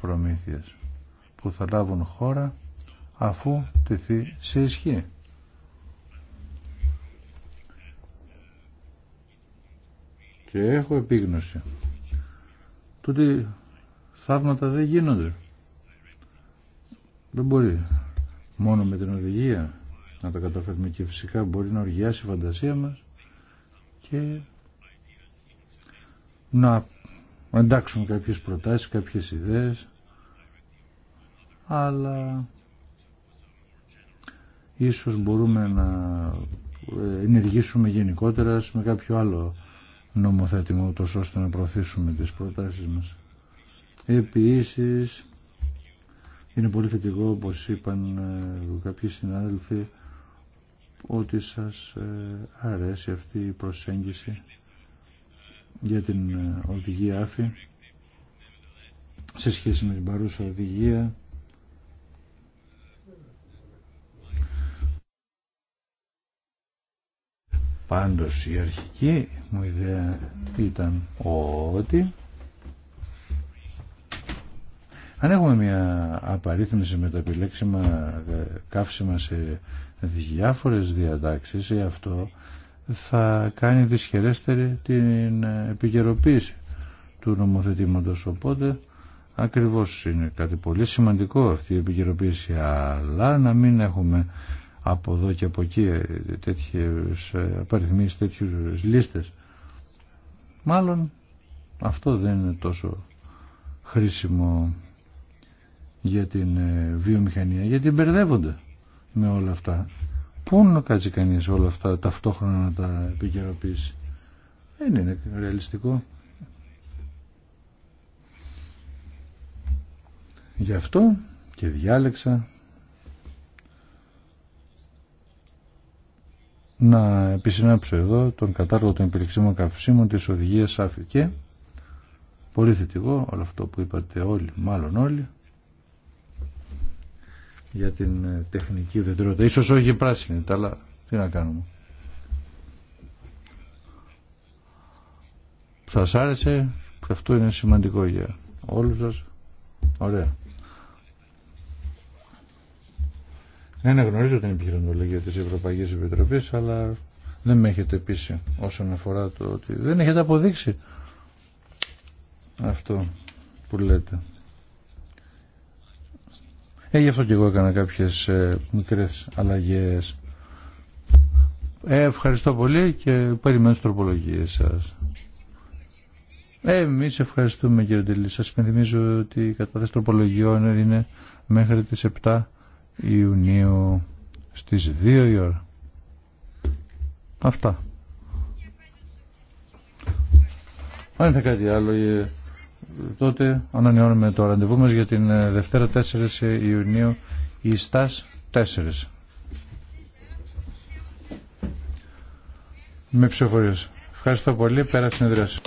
προμήθειες που θα λάβουν χώρα αφού τεθεί σε ισχύ. και έχω επίγνωση τότε θαύματα δεν γίνονται δεν μπορεί μόνο με την οδηγία να τα καταφέρουμε και φυσικά μπορεί να οργιάσει η φαντασία μας και να εντάξουμε κάποιες προτάσεις, κάποιες ιδέες αλλά ίσως μπορούμε να ενεργήσουμε γενικότερα με κάποιο άλλο νομοθέτημα ούτως ώστε να προωθήσουμε τις προτάσεις μας. Επίσης, είναι πολύ θετικό όπως είπαν ε, κάποιοι συνάδελφοι ότι σας ε, αρέσει αυτή η προσέγγιση για την ε, οδηγία άφη σε σχέση με την παρούσα οδηγία Πάντως η αρχική μου ιδέα ήταν ότι αν έχουμε μια απαρίθμηση με τα επιλέξιμα ε, καύσιμα σε διάφορες διατάξεις ή ε, αυτό θα κάνει δυσχερέστερη την ε, επικαιροποίηση του νομοθετήματος οπότε ακριβώς είναι κάτι πολύ σημαντικό αυτή η επικαιροποίηση αλλά να μην έχουμε από εδώ και από εκεί ε, τέτοιες ε, απαριθμίσεις, τέτοιες λίστες. Μάλλον αυτό δεν είναι τόσο χρήσιμο για την ε, βιομηχανία, γιατί μπερδεύονται με όλα αυτά. Πού να κάτσει κανείς όλα αυτά ταυτόχρονα να τα επικαιροποιήσει. Δεν είναι ρεαλιστικό. Γι' αυτό και διάλεξα να επισυνάψω εδώ τον κατάλογο των επιλεξίμων καυσίμων της οδηγίας ΣΑΦΗ πολύ θετικό όλο αυτό που είπατε όλοι, μάλλον όλοι για την ε, τεχνική ουδετερότητα. Ίσως όχι πράσινη, αλλά τι να κάνουμε. Σας άρεσε, αυτό είναι σημαντικό για όλους σας. Ωραία. Ναι, ναι, γνωρίζω την επιχειρηματολογία της Ευρωπαϊκή Επιτροπή, αλλά δεν με έχετε πείσει όσον αφορά το ότι δεν έχετε αποδείξει αυτό που λέτε. Ε, γι' αυτό και εγώ έκανα κάποιες ε, μικρές αλλαγές. Ε, ευχαριστώ πολύ και περιμένω τις τροπολογίες σας. Ε, εμείς ευχαριστούμε κύριε Ντελή. Σας υπενθυμίζω ότι η κατάθεση τροπολογιών είναι μέχρι τις 7 Ιουνίου στις 2 η ώρα. Αυτά. Αν είναι κάτι άλλο, ε, τότε ανανεώνουμε το ραντεβού μας για την ε, Δευτέρα 4 ε, Ιουνίου η Στάς 4. Με ψηφοφορίες. Ευχαριστώ πολύ. Πέρα συνεδρίαση.